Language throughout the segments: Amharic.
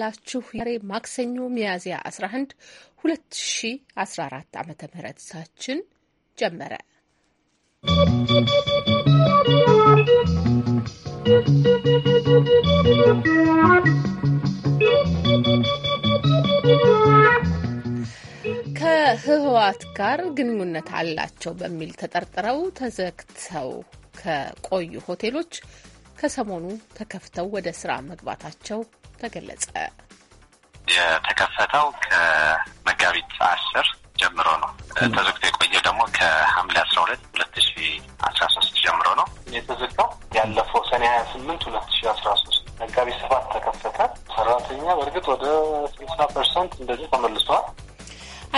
ላችሁ ዛሬ ማክሰኞ ሚያዝያ 11 2014 ዓ ም ሳችን ጀመረ። ከህወሓት ጋር ግንኙነት አላቸው በሚል ተጠርጥረው ተዘግተው ከቆዩ ሆቴሎች ከሰሞኑ ተከፍተው ወደ ስራ መግባታቸው ተገለጸ። የተከፈተው ከመጋቢት አስር ጀምሮ ነው። ተዘግቶ የቆየ ደግሞ ከሐምሌ አስራ ሁለት ሁለት ሺ አስራ ሶስት ጀምሮ ነው የተዘጋው። ያለፈው ሰኔ ሀያ ስምንት ሁለት ሺ አስራ ሶስት መጋቢት ሰባት ተከፈተ። ሰራተኛ በእርግጥ ወደ ስልሳ ፐርሰንት እንደዚህ ተመልሷል።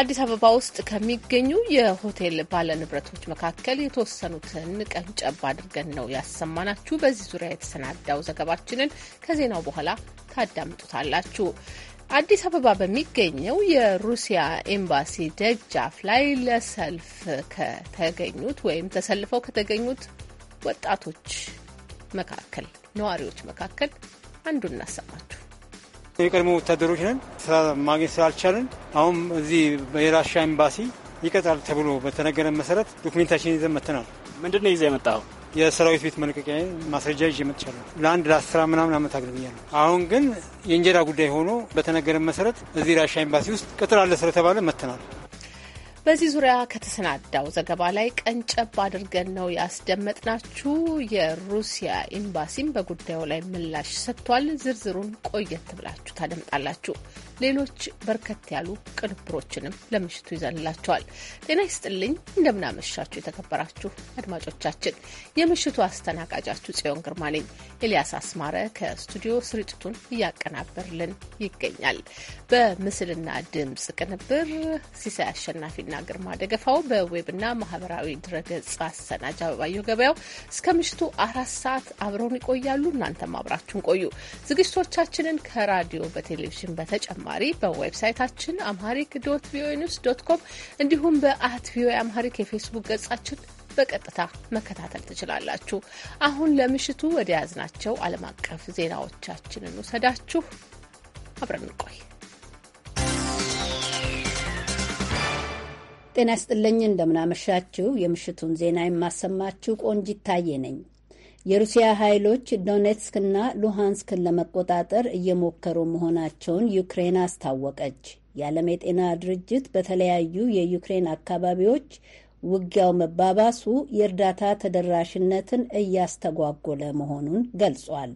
አዲስ አበባ ውስጥ ከሚገኙ የሆቴል ባለንብረቶች መካከል የተወሰኑትን ቀንጨብ አድርገን ነው ያሰማናችሁ። በዚህ ዙሪያ የተሰናዳው ዘገባችንን ከዜናው በኋላ ታዳምጡታላችሁ። አዲስ አበባ በሚገኘው የሩሲያ ኤምባሲ ደጃፍ ላይ ለሰልፍ ከተገኙት ወይም ተሰልፈው ከተገኙት ወጣቶች መካከል ነዋሪዎች መካከል አንዱን እናሰማችሁ። የቀድሞ ወታደሮች ነን። ስራ ማግኘት ስላልቻልን አሁን እዚህ የራሻ ኤምባሲ ይቀጣል ተብሎ በተነገረ መሰረት ዶክሜንታችን ይዘን መተናል። ምንድን ነው ይዘ የመጣው? የሰራዊት ቤት መልቀቂያ ማስረጃ ይዤ መጥቻለሁ። ለአንድ ለአስራ ምናምን ዓመት ነው። አሁን ግን የእንጀራ ጉዳይ ሆኖ በተነገረ መሰረት እዚህ ራሻ ኤምባሲ ውስጥ ቅጥር አለ ስለተባለ መተናል። በዚህ ዙሪያ ከተሰናዳው ዘገባ ላይ ቀንጨብ አድርገን ነው ያስደመጥናችሁ። የሩሲያ ኤምባሲም በጉዳዩ ላይ ምላሽ ሰጥቷል። ዝርዝሩን ቆየት ብላችሁ ታደምጣላችሁ። ሌሎች በርከት ያሉ ቅንብሮችንም ለምሽቱ ይዘንላቸዋል። ጤና ይስጥልኝ፣ እንደምናመሻችሁ የተከበራችሁ አድማጮቻችን። የምሽቱ አስተናጋጃችሁ ጽዮን ግርማ ነኝ። ኤልያስ አስማረ ከስቱዲዮ ስርጭቱን እያቀናበርልን ይገኛል። በምስልና ድምፅ ቅንብር ሲሳይ አሸናፊና ግርማ ደገፋው፣ በዌብና ማህበራዊ ድረገጽ አሰናጅ አበባየሁ ገበያው እስከ ምሽቱ አራት ሰዓት አብረውን ይቆያሉ። እናንተም አብራችሁን ቆዩ። ዝግጅቶቻችንን ከራዲዮ በቴሌቪዥን በተጨማ በተጨማሪ በዌብሳይታችን አምሃሪክ ዶት ቪኦኤ ኒውስ ዶት ኮም እንዲሁም በአት ቪኦኤ አምሃሪክ የፌስቡክ ገጻችን በቀጥታ መከታተል ትችላላችሁ። አሁን ለምሽቱ ወደ ያዝናቸው ዓለም አቀፍ ዜናዎቻችንን ውሰዳችሁ። አብረን ጤና ይስጥልኝ። እንደምናመሻችሁ። የምሽቱን ዜና የማሰማችሁ ቆንጂት ታዬ ነኝ። የሩሲያ ኃይሎች ዶኔትስክና ሉሃንስክን ለመቆጣጠር እየሞከሩ መሆናቸውን ዩክሬን አስታወቀች። የዓለም የጤና ድርጅት በተለያዩ የዩክሬን አካባቢዎች ውጊያው መባባሱ የእርዳታ ተደራሽነትን እያስተጓጎለ መሆኑን ገልጿል።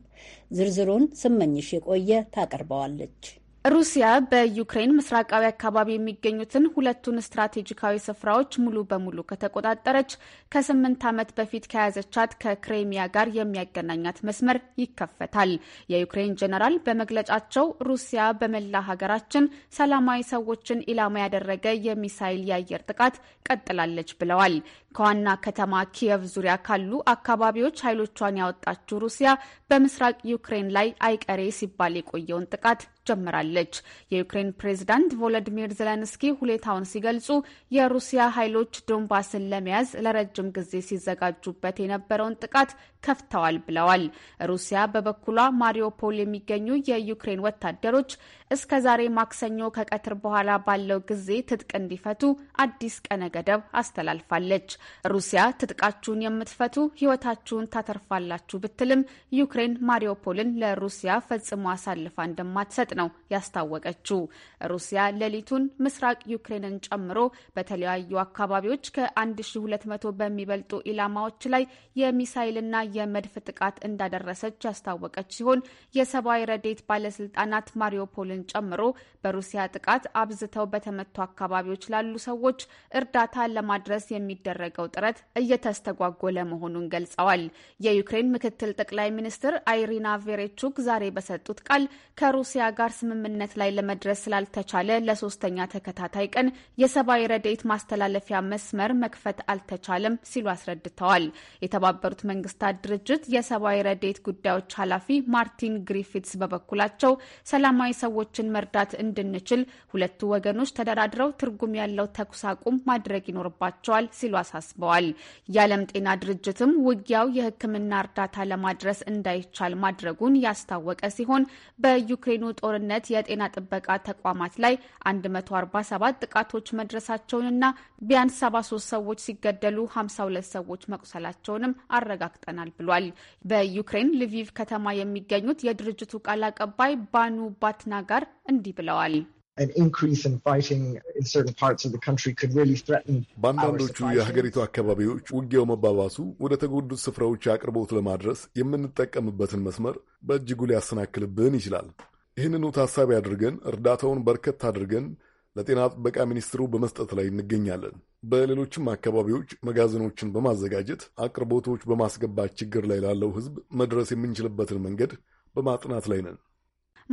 ዝርዝሩን ስመኝሽ የቆየ ታቀርበዋለች። ሩሲያ በዩክሬን ምስራቃዊ አካባቢ የሚገኙትን ሁለቱን ስትራቴጂካዊ ስፍራዎች ሙሉ በሙሉ ከተቆጣጠረች ከስምንት ዓመት በፊት ከያዘቻት ከክሬሚያ ጋር የሚያገናኛት መስመር ይከፈታል። የዩክሬን ጀነራል በመግለጫቸው ሩሲያ በመላ ሀገራችን ሰላማዊ ሰዎችን ኢላማ ያደረገ የሚሳይል የአየር ጥቃት ቀጥላለች ብለዋል። ከዋና ከተማ ኪየቭ ዙሪያ ካሉ አካባቢዎች ኃይሎቿን ያወጣችው ሩሲያ በምስራቅ ዩክሬን ላይ አይቀሬ ሲባል የቆየውን ጥቃት ጀምራለች። የዩክሬን ፕሬዝዳንት ቮሎዲሚር ዘለንስኪ ሁኔታውን ሲገልጹ የሩሲያ ኃይሎች ዶንባስን ለመያዝ ለረጅም ጊዜ ሲዘጋጁበት የነበረውን ጥቃት ከፍተዋል ብለዋል። ሩሲያ በበኩሏ ማሪዮፖል የሚገኙ የዩክሬን ወታደሮች እስከ ዛሬ ማክሰኞ ከቀትር በኋላ ባለው ጊዜ ትጥቅ እንዲፈቱ አዲስ ቀነ ገደብ አስተላልፋለች። ሩሲያ ትጥቃችሁን የምትፈቱ ሕይወታችሁን ታተርፋላችሁ ብትልም ዩክሬን ማሪዮፖልን ለሩሲያ ፈጽሞ አሳልፋ እንደማትሰጥ ነው ያስታወቀችው። ሩሲያ ሌሊቱን ምስራቅ ዩክሬንን ጨምሮ በተለያዩ አካባቢዎች ከ1200 በሚበልጡ ኢላማዎች ላይ የሚሳይልና የመድፍ ጥቃት እንዳደረሰች ያስታወቀች ሲሆን የሰብአዊ ረዴት ባለስልጣናት ማሪዮፖልን ጨምሮ በሩሲያ ጥቃት አብዝተው በተመቱ አካባቢዎች ላሉ ሰዎች እርዳታ ለማድረስ የሚደረገው ጥረት እየተስተጓጎለ መሆኑን ገልጸዋል። የዩክሬን ምክትል ጠቅላይ ሚኒስትር አይሪና ቬሬቹክ ዛሬ በሰጡት ቃል ከሩሲያ ጋር ጋር ስምምነት ላይ ለመድረስ ስላልተቻለ ለሶስተኛ ተከታታይ ቀን የሰብአዊ ረዴት ማስተላለፊያ መስመር መክፈት አልተቻለም ሲሉ አስረድተዋል። የተባበሩት መንግስታት ድርጅት የሰብአዊ ረዴት ጉዳዮች ኃላፊ ማርቲን ግሪፊትስ በበኩላቸው ሰላማዊ ሰዎችን መርዳት እንድንችል ሁለቱ ወገኖች ተደራድረው ትርጉም ያለው ተኩስ አቁም ማድረግ ይኖርባቸዋል ሲሉ አሳስበዋል። የዓለም ጤና ድርጅትም ውጊያው የሕክምና እርዳታ ለማድረስ እንዳይቻል ማድረጉን ያስታወቀ ሲሆን በዩክሬኑ ጦር ጦርነት የጤና ጥበቃ ተቋማት ላይ 147 ጥቃቶች መድረሳቸውንና ቢያንስ 73 ሰዎች ሲገደሉ 52 ሰዎች መቁሰላቸውንም አረጋግጠናል ብሏል። በዩክሬን ልቪቭ ከተማ የሚገኙት የድርጅቱ ቃል አቀባይ ባኑ ባትና ጋር እንዲህ ብለዋል። በአንዳንዶቹ የሀገሪቱ አካባቢዎች ውጊያው መባባሱ ወደ ተጎዱት ስፍራዎች አቅርቦት ለማድረስ የምንጠቀምበትን መስመር በእጅጉ ሊያሰናክልብን ይችላል። ይህንኑ ታሳቢ አድርገን እርዳታውን በርከት አድርገን ለጤና ጥበቃ ሚኒስትሩ በመስጠት ላይ እንገኛለን። በሌሎችም አካባቢዎች መጋዘኖችን በማዘጋጀት አቅርቦቶች በማስገባት ችግር ላይ ላለው ሕዝብ መድረስ የምንችልበትን መንገድ በማጥናት ላይ ነን።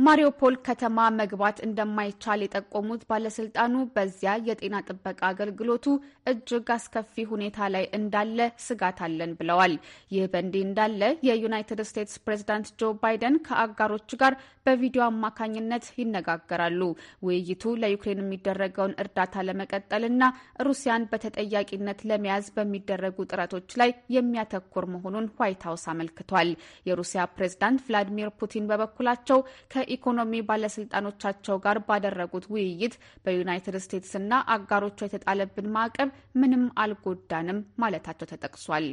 ማሪዮፖል ከተማ መግባት እንደማይቻል የጠቆሙት ባለስልጣኑ በዚያ የጤና ጥበቃ አገልግሎቱ እጅግ አስከፊ ሁኔታ ላይ እንዳለ ስጋት አለን ብለዋል። ይህ በእንዲህ እንዳለ የዩናይትድ ስቴትስ ፕሬዝዳንት ጆ ባይደን ከአጋሮች ጋር በቪዲዮ አማካኝነት ይነጋገራሉ። ውይይቱ ለዩክሬን የሚደረገውን እርዳታ ለመቀጠልና ሩሲያን በተጠያቂነት ለመያዝ በሚደረጉ ጥረቶች ላይ የሚያተኩር መሆኑን ዋይት ሀውስ አመልክቷል። የሩሲያ ፕሬዝዳንት ቭላዲሚር ፑቲን በበኩላቸው ከ ከኢኮኖሚ ባለስልጣኖቻቸው ጋር ባደረጉት ውይይት በዩናይትድ ስቴትስና አጋሮቿ የተጣለብን ማዕቀብ ምንም አልጎዳንም ማለታቸው ተጠቅሷል።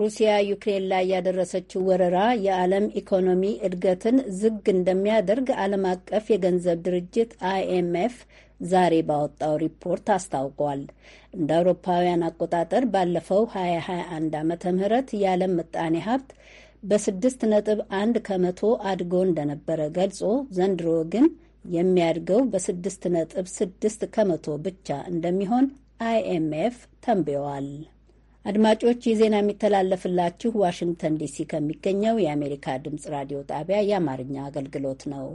ሩሲያ ዩክሬን ላይ ያደረሰችው ወረራ የዓለም ኢኮኖሚ እድገትን ዝግ እንደሚያደርግ ዓለም አቀፍ የገንዘብ ድርጅት አይኤምኤፍ ዛሬ ባወጣው ሪፖርት አስታውቋል። እንደ አውሮፓውያን አቆጣጠር ባለፈው 2021 ዓ ም የዓለም ምጣኔ ሀብት በስድስት ነጥብ አንድ ከመቶ አድጎ እንደነበረ ገልጾ ዘንድሮ ግን የሚያድገው በስድስት ነጥብ ስድስት ከመቶ ብቻ እንደሚሆን አይኤምኤፍ ተንብየዋል። አድማጮች ይህ ዜና የሚተላለፍላችሁ ዋሽንግተን ዲሲ ከሚገኘው የአሜሪካ ድምፅ ራዲዮ ጣቢያ የአማርኛ አገልግሎት ነው።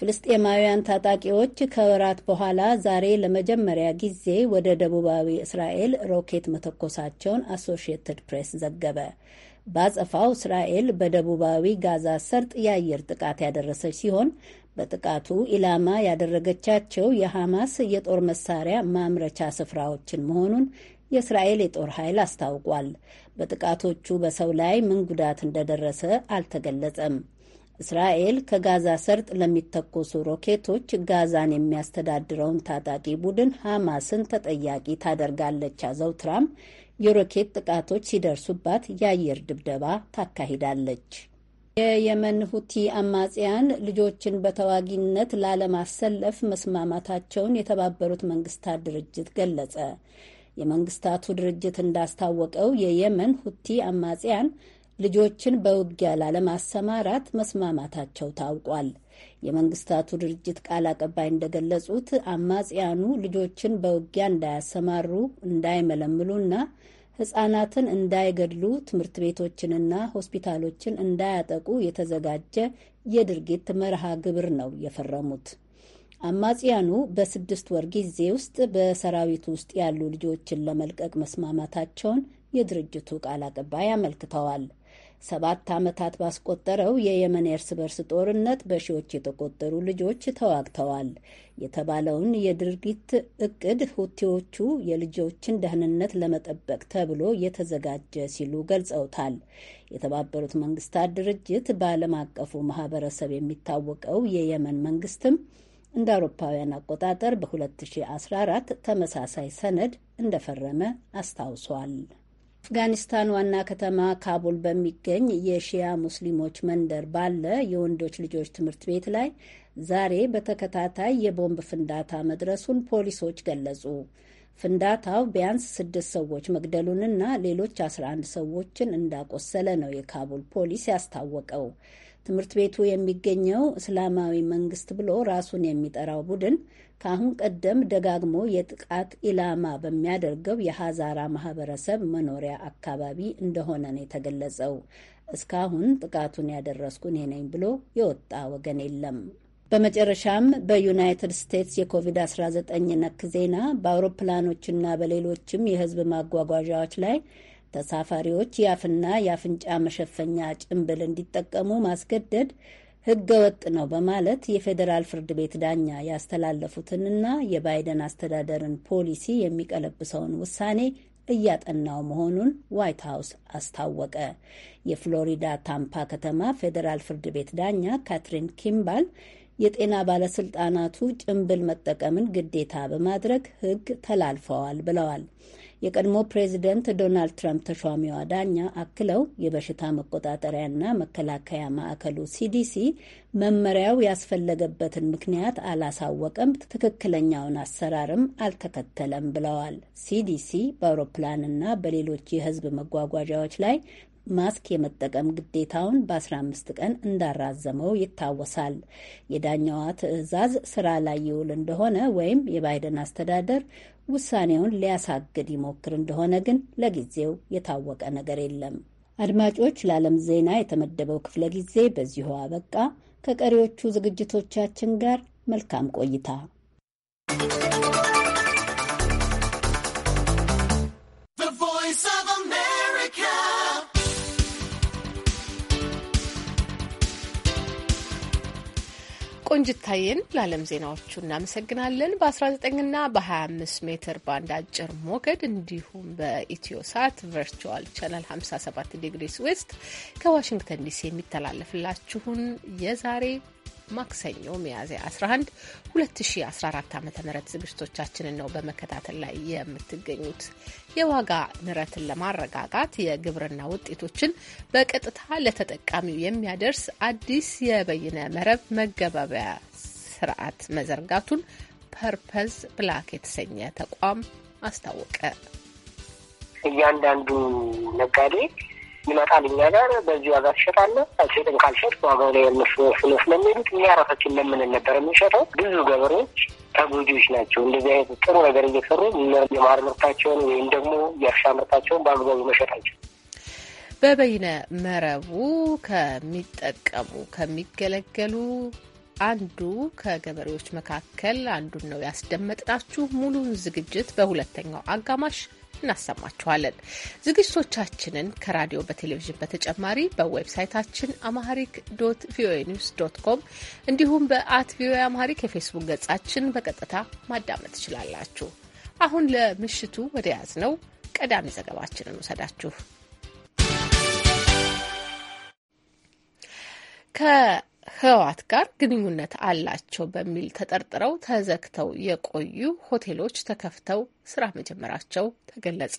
ፍልስጤማውያን ታጣቂዎች ከወራት በኋላ ዛሬ ለመጀመሪያ ጊዜ ወደ ደቡባዊ እስራኤል ሮኬት መተኮሳቸውን አሶሺየትድ ፕሬስ ዘገበ። ባጸፋው እስራኤል በደቡባዊ ጋዛ ሰርጥ የአየር ጥቃት ያደረሰች ሲሆን በጥቃቱ ኢላማ ያደረገቻቸው የሐማስ የጦር መሳሪያ ማምረቻ ስፍራዎችን መሆኑን የእስራኤል የጦር ኃይል አስታውቋል። በጥቃቶቹ በሰው ላይ ምን ጉዳት እንደደረሰ አልተገለጸም። እስራኤል ከጋዛ ሰርጥ ለሚተኮሱ ሮኬቶች ጋዛን የሚያስተዳድረውን ታጣቂ ቡድን ሐማስን ተጠያቂ ታደርጋለች አዘውትራም የሮኬት ጥቃቶች ሲደርሱባት የአየር ድብደባ ታካሂዳለች። የየመን ሁቲ አማጽያን ልጆችን በተዋጊነት ላለማሰለፍ መስማማታቸውን የተባበሩት መንግስታት ድርጅት ገለጸ። የመንግስታቱ ድርጅት እንዳስታወቀው የየመን ሁቲ አማጽያን ልጆችን በውጊያ ላለማሰማራት መስማማታቸው ታውቋል። የመንግስታቱ ድርጅት ቃል አቀባይ እንደገለጹት አማጽያኑ ልጆችን በውጊያ እንዳያሰማሩ፣ እንዳይመለምሉና ህጻናትን እንዳይገድሉ፣ ትምህርት ቤቶችንና ሆስፒታሎችን እንዳያጠቁ የተዘጋጀ የድርጊት መርሃ ግብር ነው የፈረሙት። አማጽያኑ በስድስት ወር ጊዜ ውስጥ በሰራዊት ውስጥ ያሉ ልጆችን ለመልቀቅ መስማማታቸውን የድርጅቱ ቃል አቀባይ አመልክተዋል። ሰባት ዓመታት ባስቆጠረው የየመን የእርስ በርስ ጦርነት በሺዎች የተቆጠሩ ልጆች ተዋግተዋል የተባለውን የድርጊት እቅድ ሁቲዎቹ የልጆችን ደህንነት ለመጠበቅ ተብሎ የተዘጋጀ ሲሉ ገልጸውታል። የተባበሩት መንግስታት ድርጅት በዓለም አቀፉ ማህበረሰብ የሚታወቀው የየመን መንግስትም እንደ አውሮፓውያን አቆጣጠር በ2014 ተመሳሳይ ሰነድ እንደፈረመ አስታውሷል። አፍጋኒስታን ዋና ከተማ ካቡል በሚገኝ የሺያ ሙስሊሞች መንደር ባለ የወንዶች ልጆች ትምህርት ቤት ላይ ዛሬ በተከታታይ የቦምብ ፍንዳታ መድረሱን ፖሊሶች ገለጹ። ፍንዳታው ቢያንስ ስድስት ሰዎች መግደሉንና ሌሎች 11 ሰዎችን እንዳቆሰለ ነው የካቡል ፖሊስ ያስታወቀው። ትምህርት ቤቱ የሚገኘው እስላማዊ መንግስት ብሎ ራሱን የሚጠራው ቡድን ከአሁን ቀደም ደጋግሞ የጥቃት ኢላማ በሚያደርገው የሃዛራ ማህበረሰብ መኖሪያ አካባቢ እንደሆነ ነው የተገለጸው። እስካሁን ጥቃቱን ያደረስኩ እኔ ነኝ ብሎ የወጣ ወገን የለም። በመጨረሻም በዩናይትድ ስቴትስ የኮቪድ-19 ነክ ዜና በአውሮፕላኖችና በሌሎችም የህዝብ ማጓጓዣዎች ላይ ተሳፋሪዎች የአፍና የአፍንጫ መሸፈኛ ጭንብል እንዲጠቀሙ ማስገደድ ህገ ወጥ ነው በማለት የፌዴራል ፍርድ ቤት ዳኛ ያስተላለፉትንና የባይደን አስተዳደርን ፖሊሲ የሚቀለብሰውን ውሳኔ እያጠናው መሆኑን ዋይት ሀውስ አስታወቀ። የፍሎሪዳ ታምፓ ከተማ ፌዴራል ፍርድ ቤት ዳኛ ካትሪን ኪምባል የጤና ባለስልጣናቱ ጭንብል መጠቀምን ግዴታ በማድረግ ህግ ተላልፈዋል ብለዋል። የቀድሞ ፕሬዚደንት ዶናልድ ትራምፕ ተሿሚዋ ዳኛ አክለው የበሽታ መቆጣጠሪያና መከላከያ ማዕከሉ ሲዲሲ መመሪያው ያስፈለገበትን ምክንያት አላሳወቀም፣ ትክክለኛውን አሰራርም አልተከተለም ብለዋል። ሲዲሲ በአውሮፕላንና በሌሎች የሕዝብ መጓጓዣዎች ላይ ማስክ የመጠቀም ግዴታውን በ15 ቀን እንዳራዘመው ይታወሳል። የዳኛዋ ትዕዛዝ ስራ ላይ ይውል እንደሆነ ወይም የባይደን አስተዳደር ውሳኔውን ሊያሳግድ ይሞክር እንደሆነ ግን ለጊዜው የታወቀ ነገር የለም። አድማጮች፣ ለዓለም ዜና የተመደበው ክፍለ ጊዜ በዚሁ አበቃ። ከቀሪዎቹ ዝግጅቶቻችን ጋር መልካም ቆይታ ቆንጅታዬን ለዓለም ዜናዎቹ እናመሰግናለን። በ19ና በ25 ሜትር ባንድ አጭር ሞገድ እንዲሁም በኢትዮ ሳት ቨርቹዋል ቻናል 57 ዲግሪስ ዌስት ከዋሽንግተን ዲሲ የሚተላለፍላችሁን የዛሬ ማክሰኞ ሚያዝያ 11 2014 ዓ ም ዝግጅቶቻችንን ነው በመከታተል ላይ የምትገኙት። የዋጋ ንረትን ለማረጋጋት የግብርና ውጤቶችን በቀጥታ ለተጠቃሚው የሚያደርስ አዲስ የበይነ መረብ መገበያያ ስርዓት መዘርጋቱን ፐርፐዝ ብላክ የተሰኘ ተቋም አስታወቀ። እያንዳንዱ ነጋዴ ይመጣል እኛ ጋር በዚህ ዋጋ ትሸጣለህ፣ አልሸጥም ካልሸጥ ዋጋው ላይ እነሱ ስለ ስለሚሄዱት እኛ ራሳችን ለምን ነበር የምንሸጠው። ብዙ ገበሬዎች ተጎጂዎች ናቸው። እንደዚህ አይነት ጥሩ ነገር እየሰሩ የማር ምርታቸውን ወይም ደግሞ የእርሻ ምርታቸውን በአግባቡ መሸጣቸው በበይነ መረቡ ከሚጠቀሙ ከሚገለገሉ አንዱ ከገበሬዎች መካከል አንዱን ነው ያስደመጥናችሁ። ሙሉን ዝግጅት በሁለተኛው አጋማሽ እናሰማችኋለን። ዝግጅቶቻችንን ከራዲዮ በቴሌቪዥን በተጨማሪ በዌብሳይታችን አማሪክ ዶት ቪኦኤ ኒውስ ዶት ኮም እንዲሁም በአት ቪኦኤ አማሪክ የፌስቡክ ገጻችን በቀጥታ ማዳመጥ ትችላላችሁ። አሁን ለምሽቱ ወደ ያዝ ነው ቀዳሚ ዘገባችንን ውሰዳችሁ ከ ከህወሓት ጋር ግንኙነት አላቸው በሚል ተጠርጥረው ተዘግተው የቆዩ ሆቴሎች ተከፍተው ስራ መጀመራቸው ተገለጸ።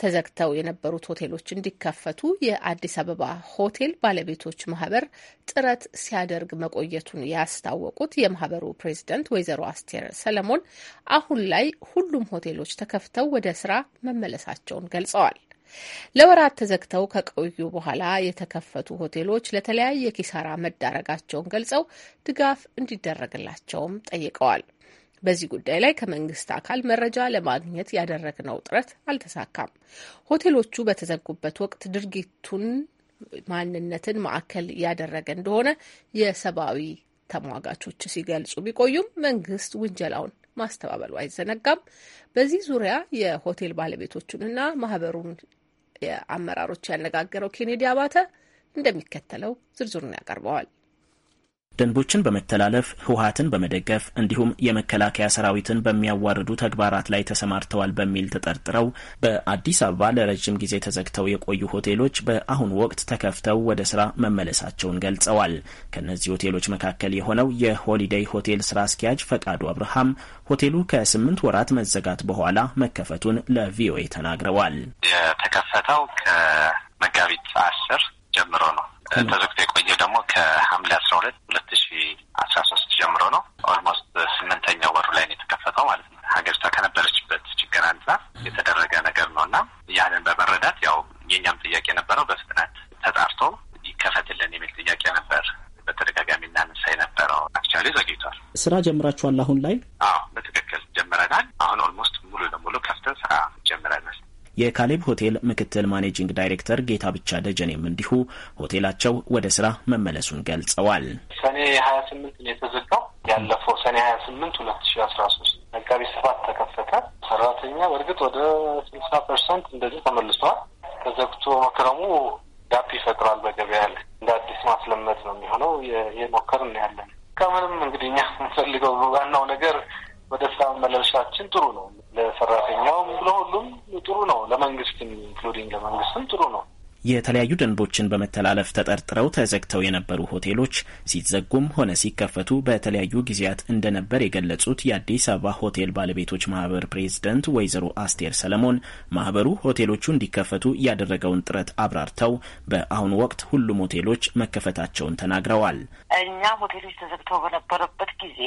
ተዘግተው የነበሩት ሆቴሎች እንዲከፈቱ የአዲስ አበባ ሆቴል ባለቤቶች ማህበር ጥረት ሲያደርግ መቆየቱን ያስታወቁት የማህበሩ ፕሬዚደንት ወይዘሮ አስቴር ሰለሞን አሁን ላይ ሁሉም ሆቴሎች ተከፍተው ወደ ስራ መመለሳቸውን ገልጸዋል። ለወራት ተዘግተው ከቆዩ በኋላ የተከፈቱ ሆቴሎች ለተለያየ ኪሳራ መዳረጋቸውን ገልጸው ድጋፍ እንዲደረግላቸውም ጠይቀዋል። በዚህ ጉዳይ ላይ ከመንግስት አካል መረጃ ለማግኘት ያደረግነው ጥረት አልተሳካም። ሆቴሎቹ በተዘጉበት ወቅት ድርጊቱን ማንነትን ማዕከል ያደረገ እንደሆነ የሰብአዊ ተሟጋቾች ሲገልጹ ቢቆዩም መንግስት ውንጀላውን ማስተባበሉ አይዘነጋም። በዚህ ዙሪያ የሆቴል ባለቤቶቹንና ማህበሩን የአመራሮች ያነጋገረው ኬኔዲ አባተ እንደሚከተለው ዝርዝሩን ያቀርበዋል። ደንቦችን በመተላለፍ ህወሀትን በመደገፍ እንዲሁም የመከላከያ ሰራዊትን በሚያዋርዱ ተግባራት ላይ ተሰማርተዋል በሚል ተጠርጥረው በአዲስ አበባ ለረጅም ጊዜ ተዘግተው የቆዩ ሆቴሎች በአሁኑ ወቅት ተከፍተው ወደ ስራ መመለሳቸውን ገልጸዋል። ከእነዚህ ሆቴሎች መካከል የሆነው የሆሊዴይ ሆቴል ስራ አስኪያጅ ፈቃዱ አብርሃም ሆቴሉ ከስምንት ወራት መዘጋት በኋላ መከፈቱን ለቪኦኤ ተናግረዋል። የተከፈተው ከመጋቢት አስር ጀምሮ ነው ተዘግቶ የቆየ ደግሞ ከሐምሌ አስራ ሁለት ሁለት ሺ አስራ ሶስት ጀምሮ ነው። ኦልሞስት ስምንተኛው ወሩ ላይ ነው የተከፈተው ማለት ነው። ሀገሪቷ ከነበረችበት ችግር አንጻር የተደረገ ነገር ነው እና ያንን በመረዳት ያው የኛም ጥያቄ ነበረው በፍጥነት ተጣርቶ ይከፈትልን የሚል ጥያቄ ነበር። በተደጋጋሚ እናነሳ የነበረው አክቹዋሊ ዘግይቷል። ስራ ጀምራችኋል አሁን ላይ? አዎ በትክክል ጀምረናል። አሁን ኦልሞስት ሙሉ ለሙሉ ከፍተን ስራ ጀምረናል። የካሌብ ሆቴል ምክትል ማኔጂንግ ዳይሬክተር ጌታ ብቻ ደጀኔም እንዲሁ ሆቴላቸው ወደ ስራ መመለሱን ገልጸዋል። ሰኔ ሀያ ስምንት ነው የተዘጋው። ያለፈው ሰኔ ሀያ ስምንት ሁለት ሺ አስራ ሶስት መጋቢት ሰባት ተከፈተ። ሰራተኛ በእርግጥ ወደ ስልሳ ፐርሰንት እንደዚህ ተመልሷል። ተዘግቶ መክረሙ ጋፕ ይፈጥራል በገበያ ላይ እንደ አዲስ ማስለመድ ነው የሚሆነው። የሞከር እናያለን። ከምንም እንግዲህ እኛ የምንፈልገው ዋናው ነገር በደስታ መመለሳችን ጥሩ ነው። ለሰራተኛውም፣ ለሁሉም ጥሩ ነው። ለመንግስትም ኢንክሉዲንግ ለመንግስትም ጥሩ ነው። የተለያዩ ደንቦችን በመተላለፍ ተጠርጥረው ተዘግተው የነበሩ ሆቴሎች ሲዘጉም ሆነ ሲከፈቱ በተለያዩ ጊዜያት እንደነበር የገለጹት የአዲስ አበባ ሆቴል ባለቤቶች ማህበር ፕሬዝደንት ወይዘሮ አስቴር ሰለሞን ማህበሩ ሆቴሎቹ እንዲከፈቱ ያደረገውን ጥረት አብራርተው በአሁኑ ወቅት ሁሉም ሆቴሎች መከፈታቸውን ተናግረዋል። እኛ ሆቴሎች ተዘግተው በነበረበት ጊዜ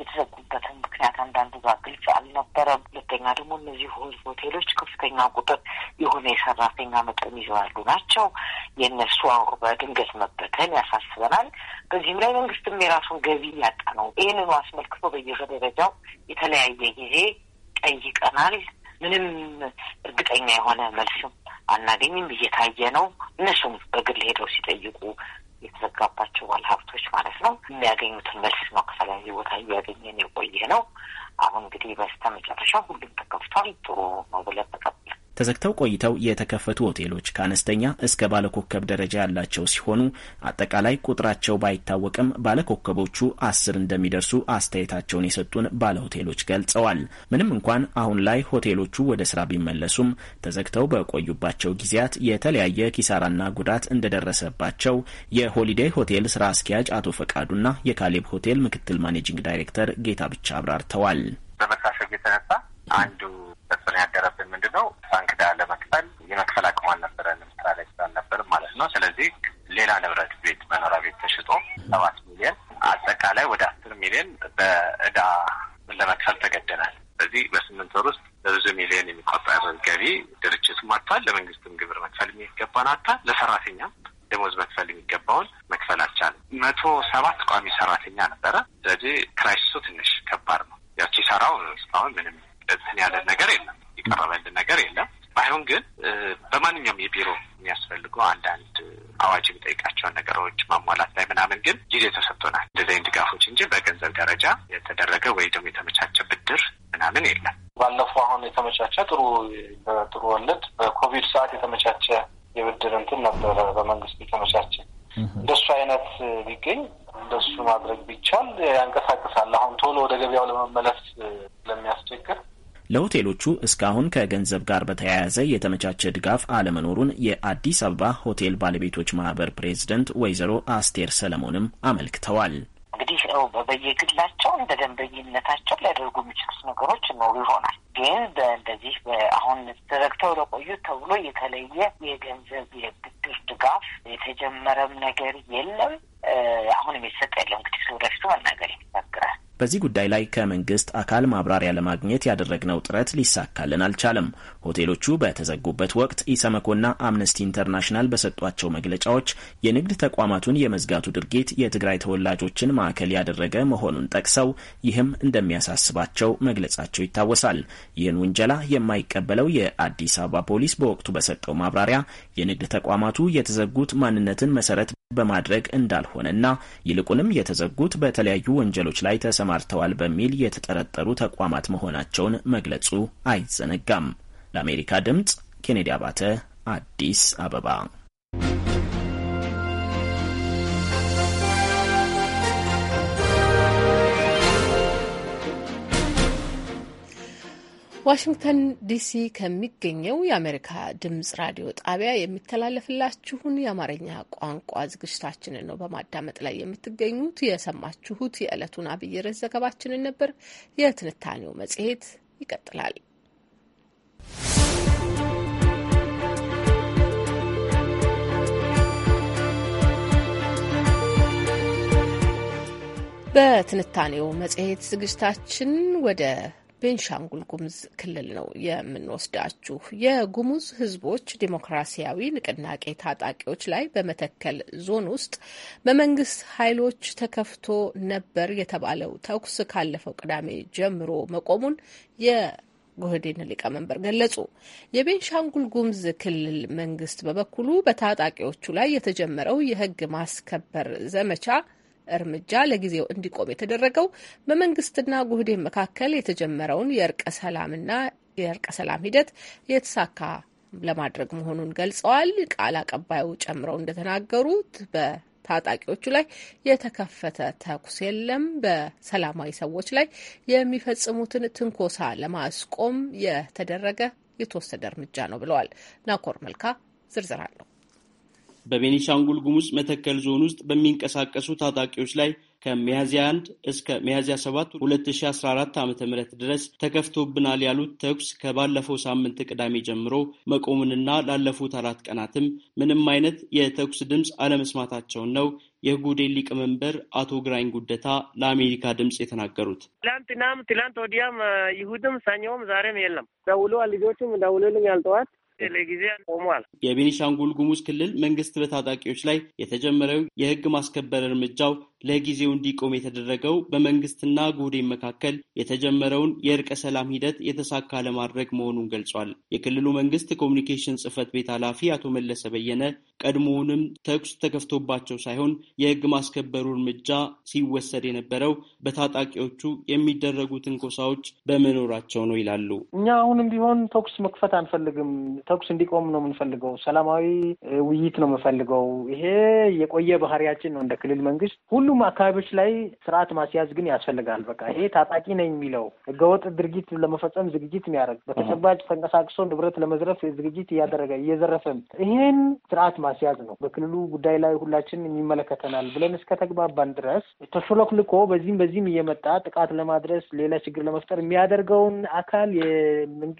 የተዘጉበትን ምክንያት አንዳንዱ ጋር ግልጽ አልነበረም። ሁለተኛ ደግሞ እነዚህ ሆቴሎች ከፍተኛ ቁጥር የሆነ የሰራተኛ መጠን ይዘዋሉ ናቸው። የእነሱ አውር በድንገት መበተን ያሳስበናል። በዚህም ላይ መንግስትም የራሱን ገቢ ያጣ ነው። ይህንኑ አስመልክቶ በየደረጃው የተለያየ ጊዜ ጠይቀናል። ምንም እርግጠኛ የሆነ መልስም አናገኝም። እየታየ ነው። እነሱም በግል ሄደው ሲጠይቁ የተዘጋባቸው ባለሀብቶች ማለት ነው የሚያገኙትን መልስ ነው ከተለያዩ ቦታ እያገኘን የቆየ ነው። አሁን እንግዲህ መጨረሻ ሁሉም ተከፍቷል። ጥሩ ነው ብለን ተቀብለን ተዘግተው ቆይተው የተከፈቱ ሆቴሎች ከአነስተኛ እስከ ባለኮከብ ደረጃ ያላቸው ሲሆኑ አጠቃላይ ቁጥራቸው ባይታወቅም ባለኮከቦቹ አስር እንደሚደርሱ አስተያየታቸውን የሰጡን ባለሆቴሎች ገልጸዋል። ምንም እንኳን አሁን ላይ ሆቴሎቹ ወደ ስራ ቢመለሱም ተዘግተው በቆዩባቸው ጊዜያት የተለያየ ኪሳራና ጉዳት እንደደረሰባቸው የሆሊዴይ ሆቴል ስራ አስኪያጅ አቶ ፈቃዱና የካሌብ ሆቴል ምክትል ማኔጂንግ ዳይሬክተር ጌታ ብቻ አብራርተዋል። በመታሸግ የተነሳ አንዱ ተጽዕኖ ያደረብን ምንድን ነው? ባንክ ዕዳ ለመክፈል የመክፈል አቅሙ አልነበረንም። ስራ ላይ ስላልነበርን ማለት ነው። ስለዚህ ሌላ ንብረት ቤት፣ መኖሪያ ቤት ተሽጦ ሰባት ሚሊዮን አጠቃላይ ወደ አስር ሚሊዮን በእዳ ለመክፈል ተገደናል። ስለዚህ በስምንት ወር ውስጥ በብዙ ሚሊዮን የሚቆጠር ገቢ ድርጅቱም አጥቷል። ለመንግስትም ግብር መክፈል የሚገባን አጥቷል። ለሰራተኛም ደሞዝ መክፈል የሚገባውን መክፈል አልቻለም። መቶ ሰባት ቋሚ ሰራተኛ ነበረ። ስለዚህ ክራይሲሱ ትንሽ ከባድ ነው። ያቺ ሰራው እስካሁን ምንም እንደዚህ ያለን ነገር የለም፣ የቀረበልን ነገር የለም። ባይሆን ግን በማንኛውም የቢሮ የሚያስፈልገው አንዳንድ አዋጅ የሚጠይቃቸውን ነገሮች ማሟላት ላይ ምናምን ግን ጊዜ ተሰጥቶናል። እንደዚህ ድጋፎች እንጂ በገንዘብ ደረጃ የተደረገ ወይ ደግሞ የተመቻቸ ብድር ምናምን የለም። ባለፈው አሁን የተመቻቸ ጥሩ በጥሩ ወለድ በኮቪድ ሰዓት የተመቻቸ የብድር እንትን ነበረ በመንግስት የተመቻቸ እንደሱ አይነት ቢገኝ እንደሱ ማድረግ ቢቻል ያንቀሳቅሳል። አሁን ቶሎ ወደ ገበያው ለመመለስ ስለሚያስቸግር ለሆቴሎቹ እስካሁን ከገንዘብ ጋር በተያያዘ የተመቻቸ ድጋፍ አለመኖሩን የአዲስ አበባ ሆቴል ባለቤቶች ማህበር ፕሬዝደንት ወይዘሮ አስቴር ሰለሞንም አመልክተዋል። እንግዲህ በየግላቸው እንደ ደንበኝነታቸው ሊያደርጉ የሚችሉት ነገሮች ኖሩ ይሆናል ግን በእንደዚህ አሁን ተዘግተው ለቆዩት ተብሎ የተለየ የገንዘብ የብድር ድጋፍ የተጀመረም ነገር የለም። አሁን የሚሰጥ የለም። እንግዲህ ወደፊቱ መናገር ይነግራል። በዚህ ጉዳይ ላይ ከመንግስት አካል ማብራሪያ ለማግኘት ያደረግነው ጥረት ሊሳካልን አልቻለም። ሆቴሎቹ በተዘጉበት ወቅት ኢሰመኮና አምነስቲ ኢንተርናሽናል በሰጧቸው መግለጫዎች የንግድ ተቋማቱን የመዝጋቱ ድርጊት የትግራይ ተወላጆችን ማዕከል ያደረገ መሆኑን ጠቅሰው ይህም እንደሚያሳስባቸው መግለጻቸው ይታወሳል። ይህን ውንጀላ የማይቀበለው የአዲስ አበባ ፖሊስ በወቅቱ በሰጠው ማብራሪያ የንግድ ተቋማቱ የተዘጉት ማንነትን መሰረት በማድረግ እንዳልሆነና ይልቁንም የተዘጉት በተለያዩ ወንጀሎች ላይ ተሰማርተዋል በሚል የተጠረጠሩ ተቋማት መሆናቸውን መግለጹ አይዘነጋም። ለአሜሪካ ድምጽ ኬኔዲ አባተ አዲስ አበባ ዋሽንግተን ዲሲ ከሚገኘው የአሜሪካ ድምጽ ራዲዮ ጣቢያ የሚተላለፍላችሁን የአማርኛ ቋንቋ ዝግጅታችንን ነው በማዳመጥ ላይ የምትገኙት። የሰማችሁት የዕለቱን አብይ ርዕስ ዘገባችንን ነበር። የትንታኔው መጽሔት ይቀጥላል። በትንታኔው መጽሔት ዝግጅታችን ወደ ቤንሻንጉል ጉሙዝ ክልል ነው የምንወስዳችሁ። የጉሙዝ ህዝቦች ዲሞክራሲያዊ ንቅናቄ ታጣቂዎች ላይ በመተከል ዞን ውስጥ በመንግስት ኃይሎች ተከፍቶ ነበር የተባለው ተኩስ ካለፈው ቅዳሜ ጀምሮ መቆሙን የ ጉህዴን ሊቀመንበር ገለጹ። የቤንሻንጉል ጉሙዝ ክልል መንግስት በበኩሉ በታጣቂዎቹ ላይ የተጀመረው የህግ ማስከበር ዘመቻ እርምጃ ለጊዜው እንዲቆም የተደረገው በመንግስትና ጉህዴ መካከል የተጀመረውን የእርቀ ሰላምና የእርቀ ሰላም ሂደት የተሳካ ለማድረግ መሆኑን ገልጸዋል። ቃል አቀባዩ ጨምረው እንደተናገሩት በ ታጣቂዎቹ ላይ የተከፈተ ተኩስ የለም። በሰላማዊ ሰዎች ላይ የሚፈጽሙትን ትንኮሳ ለማስቆም የተደረገ የተወሰደ እርምጃ ነው ብለዋል። ናኮር መልካ ዝርዝር አለው። በቤኒሻንጉል ጉሙዝ መተከል ዞን ውስጥ በሚንቀሳቀሱ ታጣቂዎች ላይ ከሚያዝያ 1 እስከ ሚያዝያ 7 2014 ዓ ም ድረስ ተከፍቶብናል ያሉት ተኩስ ከባለፈው ሳምንት ቅዳሜ ጀምሮ መቆሙንና ላለፉት አራት ቀናትም ምንም አይነት የተኩስ ድምፅ አለመስማታቸውን ነው የጉዴን ሊቀመንበር አቶ ግራኝ ጉደታ ለአሜሪካ ድምፅ የተናገሩት። ትላንትናም ትላንት ወዲያም ይሁድም ሰኞም ዛሬም የለም። ደውለዋል። ልጆችም ደውሉልኝ ያልጠዋት ለጊዜ ቆሟል። የቤኒሻንጉል ጉሙዝ ክልል መንግስት በታጣቂዎች ላይ የተጀመረው የህግ ማስከበር እርምጃው ለጊዜው እንዲቆም የተደረገው በመንግስትና ጉዴን መካከል የተጀመረውን የእርቀ ሰላም ሂደት የተሳካ ለማድረግ መሆኑን ገልጿል። የክልሉ መንግስት ኮሚኒኬሽን ጽህፈት ቤት ኃላፊ አቶ መለሰ በየነ ቀድሞውንም ተኩስ ተከፍቶባቸው ሳይሆን የህግ ማስከበሩ እርምጃ ሲወሰድ የነበረው በታጣቂዎቹ የሚደረጉ ትንኮሳዎች በመኖራቸው ነው ይላሉ። እኛ አሁንም ቢሆን ተኩስ መክፈት አንፈልግም። ተኩስ እንዲቆም ነው የምንፈልገው። ሰላማዊ ውይይት ነው የምንፈልገው። ይሄ የቆየ ባህሪያችን ነው እንደ ክልል መንግስት ሁሉ ሁሉም አካባቢዎች ላይ ስርዓት ማስያዝ ግን ያስፈልጋል። በቃ ይሄ ታጣቂ ነኝ የሚለው ህገወጥ ድርጊት ለመፈጸም ዝግጅት የሚያደርግ በተጨባጭ ተንቀሳቅሶ ንብረት ለመዝረፍ ዝግጅት እያደረገ እየዘረፈም ይሄን ስርዓት ማስያዝ ነው። በክልሉ ጉዳይ ላይ ሁላችን የሚመለከተናል ብለን እስከ ተግባባን ድረስ ተሾለክልኮ በዚህም በዚህም እየመጣ ጥቃት ለማድረስ ሌላ ችግር ለመፍጠር የሚያደርገውን አካል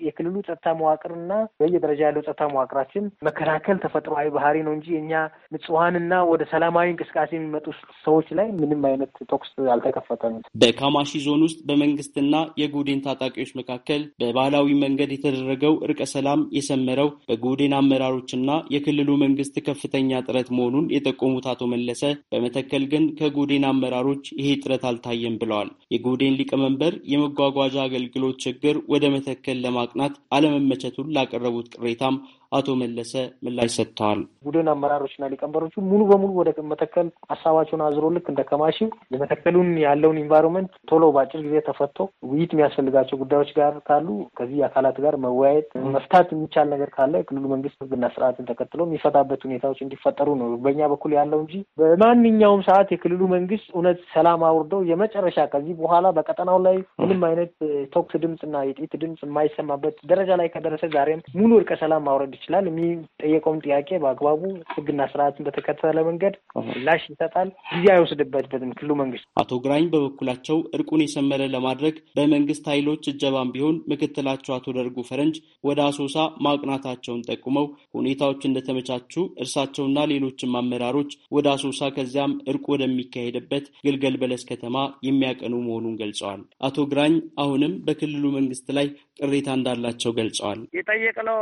የክልሉ ጸጥታ መዋቅርና በየደረጃ ያለው ጸጥታ መዋቅራችን መከላከል ተፈጥሯዊ ባህሪ ነው እንጂ እኛ ምጽዋንና ወደ ሰላማዊ እንቅስቃሴ የሚመጡ ሰዎች ላይ ምንም አይነት ተኩስ አልተከፈተም። በካማሺ ዞን ውስጥ በመንግስትና የጉዴን ታጣቂዎች መካከል በባህላዊ መንገድ የተደረገው እርቀ ሰላም የሰመረው በጉዴን አመራሮችና የክልሉ መንግስት ከፍተኛ ጥረት መሆኑን የጠቆሙት አቶ መለሰ በመተከል ግን ከጉዴን አመራሮች ይሄ ጥረት አልታየም ብለዋል። የጉዴን ሊቀመንበር የመጓጓዣ አገልግሎት ችግር ወደ መተከል ለማቅናት አለመመቸቱን ላቀረቡት ቅሬታም አቶ መለሰ ምላሽ ሰጥተዋል። ቡድን አመራሮችና ሊቀመንበሮቹ ሙሉ በሙሉ ወደ መተከል ሀሳባቸውን አዝሮ ልክ እንደ ከማሽ የመተከሉን ያለውን ኢንቫይሮንመንት ቶሎ በአጭር ጊዜ ተፈቶ ውይይት የሚያስፈልጋቸው ጉዳዮች ጋር ካሉ ከዚህ አካላት ጋር መወያየት መፍታት የሚቻል ነገር ካለ ክልሉ መንግስት ህግና ስርዓትን ተከትሎ የሚፈታበት ሁኔታዎች እንዲፈጠሩ ነው በእኛ በኩል ያለው እንጂ በማንኛውም ሰዓት የክልሉ መንግስት እውነት ሰላም አውርደው የመጨረሻ ከዚህ በኋላ በቀጠናው ላይ ምንም አይነት ቶክስ ድምፅና የጥይት ድምፅ የማይሰማበት ደረጃ ላይ ከደረሰ ዛሬም ሙሉ እርቀ ሰላም ማውረድ ይችላል። የሚጠየቀውም ጥያቄ በአግባቡ ህግና ስርዓትን በተከተለ መንገድ ምላሽ ይሰጣል። ጊዜ አይወስድበትም ክልሉ መንግስት። አቶ ግራኝ በበኩላቸው እርቁን የሰመረ ለማድረግ በመንግስት ኃይሎች እጀባም ቢሆን ምክትላቸው አቶ ደርጉ ፈረንጅ ወደ አሶሳ ማቅናታቸውን ጠቁመው ሁኔታዎች እንደተመቻቹ እርሳቸውና ሌሎችም አመራሮች ወደ አሶሳ ከዚያም እርቁ ወደሚካሄድበት ግልገል በለስ ከተማ የሚያቀኑ መሆኑን ገልጸዋል። አቶ ግራኝ አሁንም በክልሉ መንግስት ላይ ቅሬታ እንዳላቸው ገልጸዋል። የጠየቅነው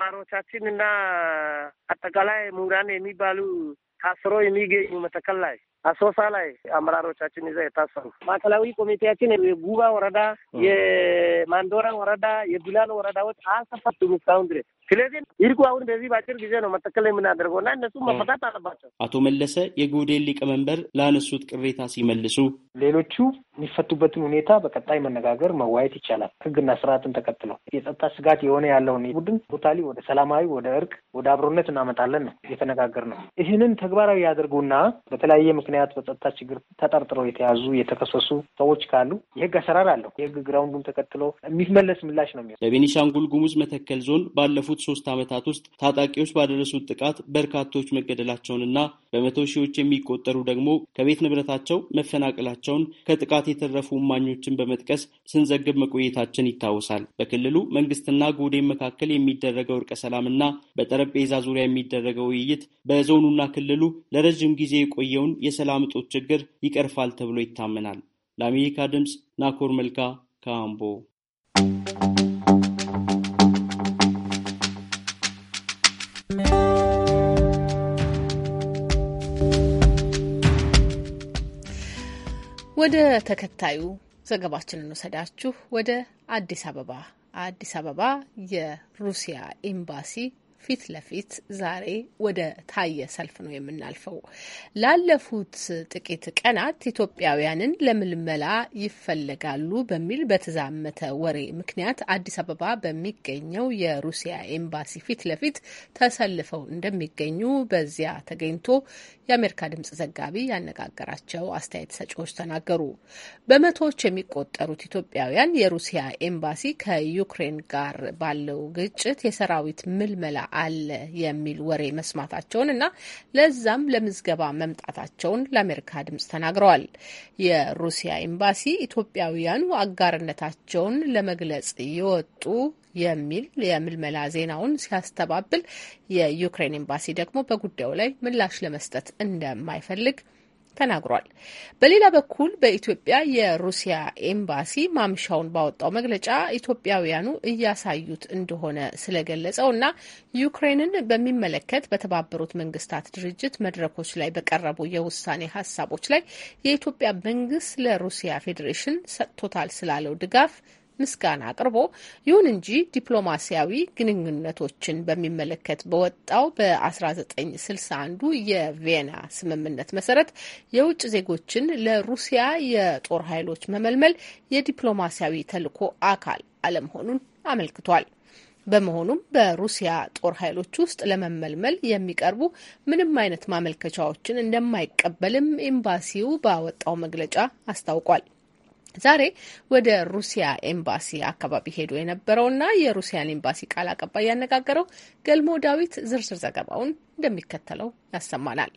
አመራሮቻችን እና አጠቃላይ ምሁራን የሚባሉ ታስሮ የሚገኙ መተከል ላይ አሶሳ ላይ አመራሮቻችን ይዛ የታሰሩ ማዕከላዊ ኮሚቴያችን የጉባ ወረዳ፣ የማንዶራ ወረዳ፣ የዱላን ወረዳዎች አልተፈቱም እስካሁን ድረስ ስለዚህ ይርቁ አሁን በዚህ በአጭር ጊዜ ነው መተከል እና እነሱ መፈታት አለባቸው። አቶ መለሰ የጎዴን ሊቀመንበር ላነሱት ቅሬታ ሲመልሱ ሌሎቹ የሚፈቱበትን ሁኔታ በቀጣይ መነጋገር መዋየት ይቻላል። ህግና ስርዓትን ተከትለው የጸጥታ ስጋት የሆነ ያለውን ቡድን ቶታሊ ወደ ሰላማዊ፣ ወደ እርቅ፣ ወደ አብሮነት እናመጣለን ነው የተነጋገር ነው። ይህንን ተግባራዊ ያደርጉና በተለያየ ምክንያት በጸጥታ ችግር ተጠርጥረው የተያዙ የተከሰሱ ሰዎች ካሉ የህግ አሰራር አለው። የህግ ግራውንዱን ተከትሎ የሚመለስ ምላሽ ነው የሚሆ ለቤኒሻንጉል ጉሙዝ መተከል ዞን ባለፉት ባለፉት ሶስት ዓመታት ውስጥ ታጣቂዎች ባደረሱት ጥቃት በርካቶች መገደላቸውንና በመቶ ሺዎች የሚቆጠሩ ደግሞ ከቤት ንብረታቸው መፈናቀላቸውን ከጥቃት የተረፉ እማኞችን በመጥቀስ ስንዘግብ መቆየታችን ይታወሳል። በክልሉ መንግስትና ጎዴን መካከል የሚደረገው እርቀ ሰላምና በጠረጴዛ ዙሪያ የሚደረገው ውይይት በዞኑና ክልሉ ለረዥም ጊዜ የቆየውን የሰላም እጦት ችግር ይቀርፋል ተብሎ ይታመናል። ለአሜሪካ ድምፅ ናኮር መልካ ካምቦ ወደ ተከታዩ ዘገባችን እንውሰዳችሁ። ወደ አዲስ አበባ አዲስ አበባ የሩሲያ ኤምባሲ ፊት ለፊት ዛሬ ወደ ታየ ሰልፍ ነው የምናልፈው። ላለፉት ጥቂት ቀናት ኢትዮጵያውያንን ለምልመላ ይፈለጋሉ በሚል በተዛመተ ወሬ ምክንያት አዲስ አበባ በሚገኘው የሩሲያ ኤምባሲ ፊት ለፊት ተሰልፈው እንደሚገኙ በዚያ ተገኝቶ የአሜሪካ ድምጽ ዘጋቢ ያነጋገራቸው አስተያየት ሰጪዎች ተናገሩ። በመቶዎች የሚቆጠሩት ኢትዮጵያውያን የሩሲያ ኤምባሲ ከዩክሬን ጋር ባለው ግጭት የሰራዊት ምልመላ አለ የሚል ወሬ መስማታቸውን እና ለዛም ለምዝገባ መምጣታቸውን ለአሜሪካ ድምጽ ተናግረዋል። የሩሲያ ኤምባሲ ኢትዮጵያውያኑ አጋርነታቸውን ለመግለጽ የወጡ የሚል የምልመላ ዜናውን ሲያስተባብል፣ የዩክሬን ኤምባሲ ደግሞ በጉዳዩ ላይ ምላሽ ለመስጠት እንደማይፈልግ ተናግሯል። በሌላ በኩል በኢትዮጵያ የሩሲያ ኤምባሲ ማምሻውን ባወጣው መግለጫ ኢትዮጵያውያኑ እያሳዩት እንደሆነ ስለገለጸው እና ዩክሬንን በሚመለከት በተባበሩት መንግስታት ድርጅት መድረኮች ላይ በቀረቡ የውሳኔ ሀሳቦች ላይ የኢትዮጵያ መንግስት ለሩሲያ ፌዴሬሽን ሰጥቶታል ስላለው ድጋፍ ምስጋና አቅርቦ ይሁን እንጂ ዲፕሎማሲያዊ ግንኙነቶችን በሚመለከት በወጣው በ1961 የቬና ስምምነት መሰረት የውጭ ዜጎችን ለሩሲያ የጦር ኃይሎች መመልመል የዲፕሎማሲያዊ ተልዕኮ አካል አለመሆኑን አመልክቷል። በመሆኑም በሩሲያ ጦር ኃይሎች ውስጥ ለመመልመል የሚቀርቡ ምንም አይነት ማመልከቻዎችን እንደማይቀበልም ኤምባሲው ባወጣው መግለጫ አስታውቋል። ዛሬ ወደ ሩሲያ ኤምባሲ አካባቢ ሄዶ የነበረውና የሩሲያን ኤምባሲ ቃል አቀባይ ያነጋገረው ገልሞ ዳዊት ዝርዝር ዘገባውን እንደሚከተለው ያሰማናል።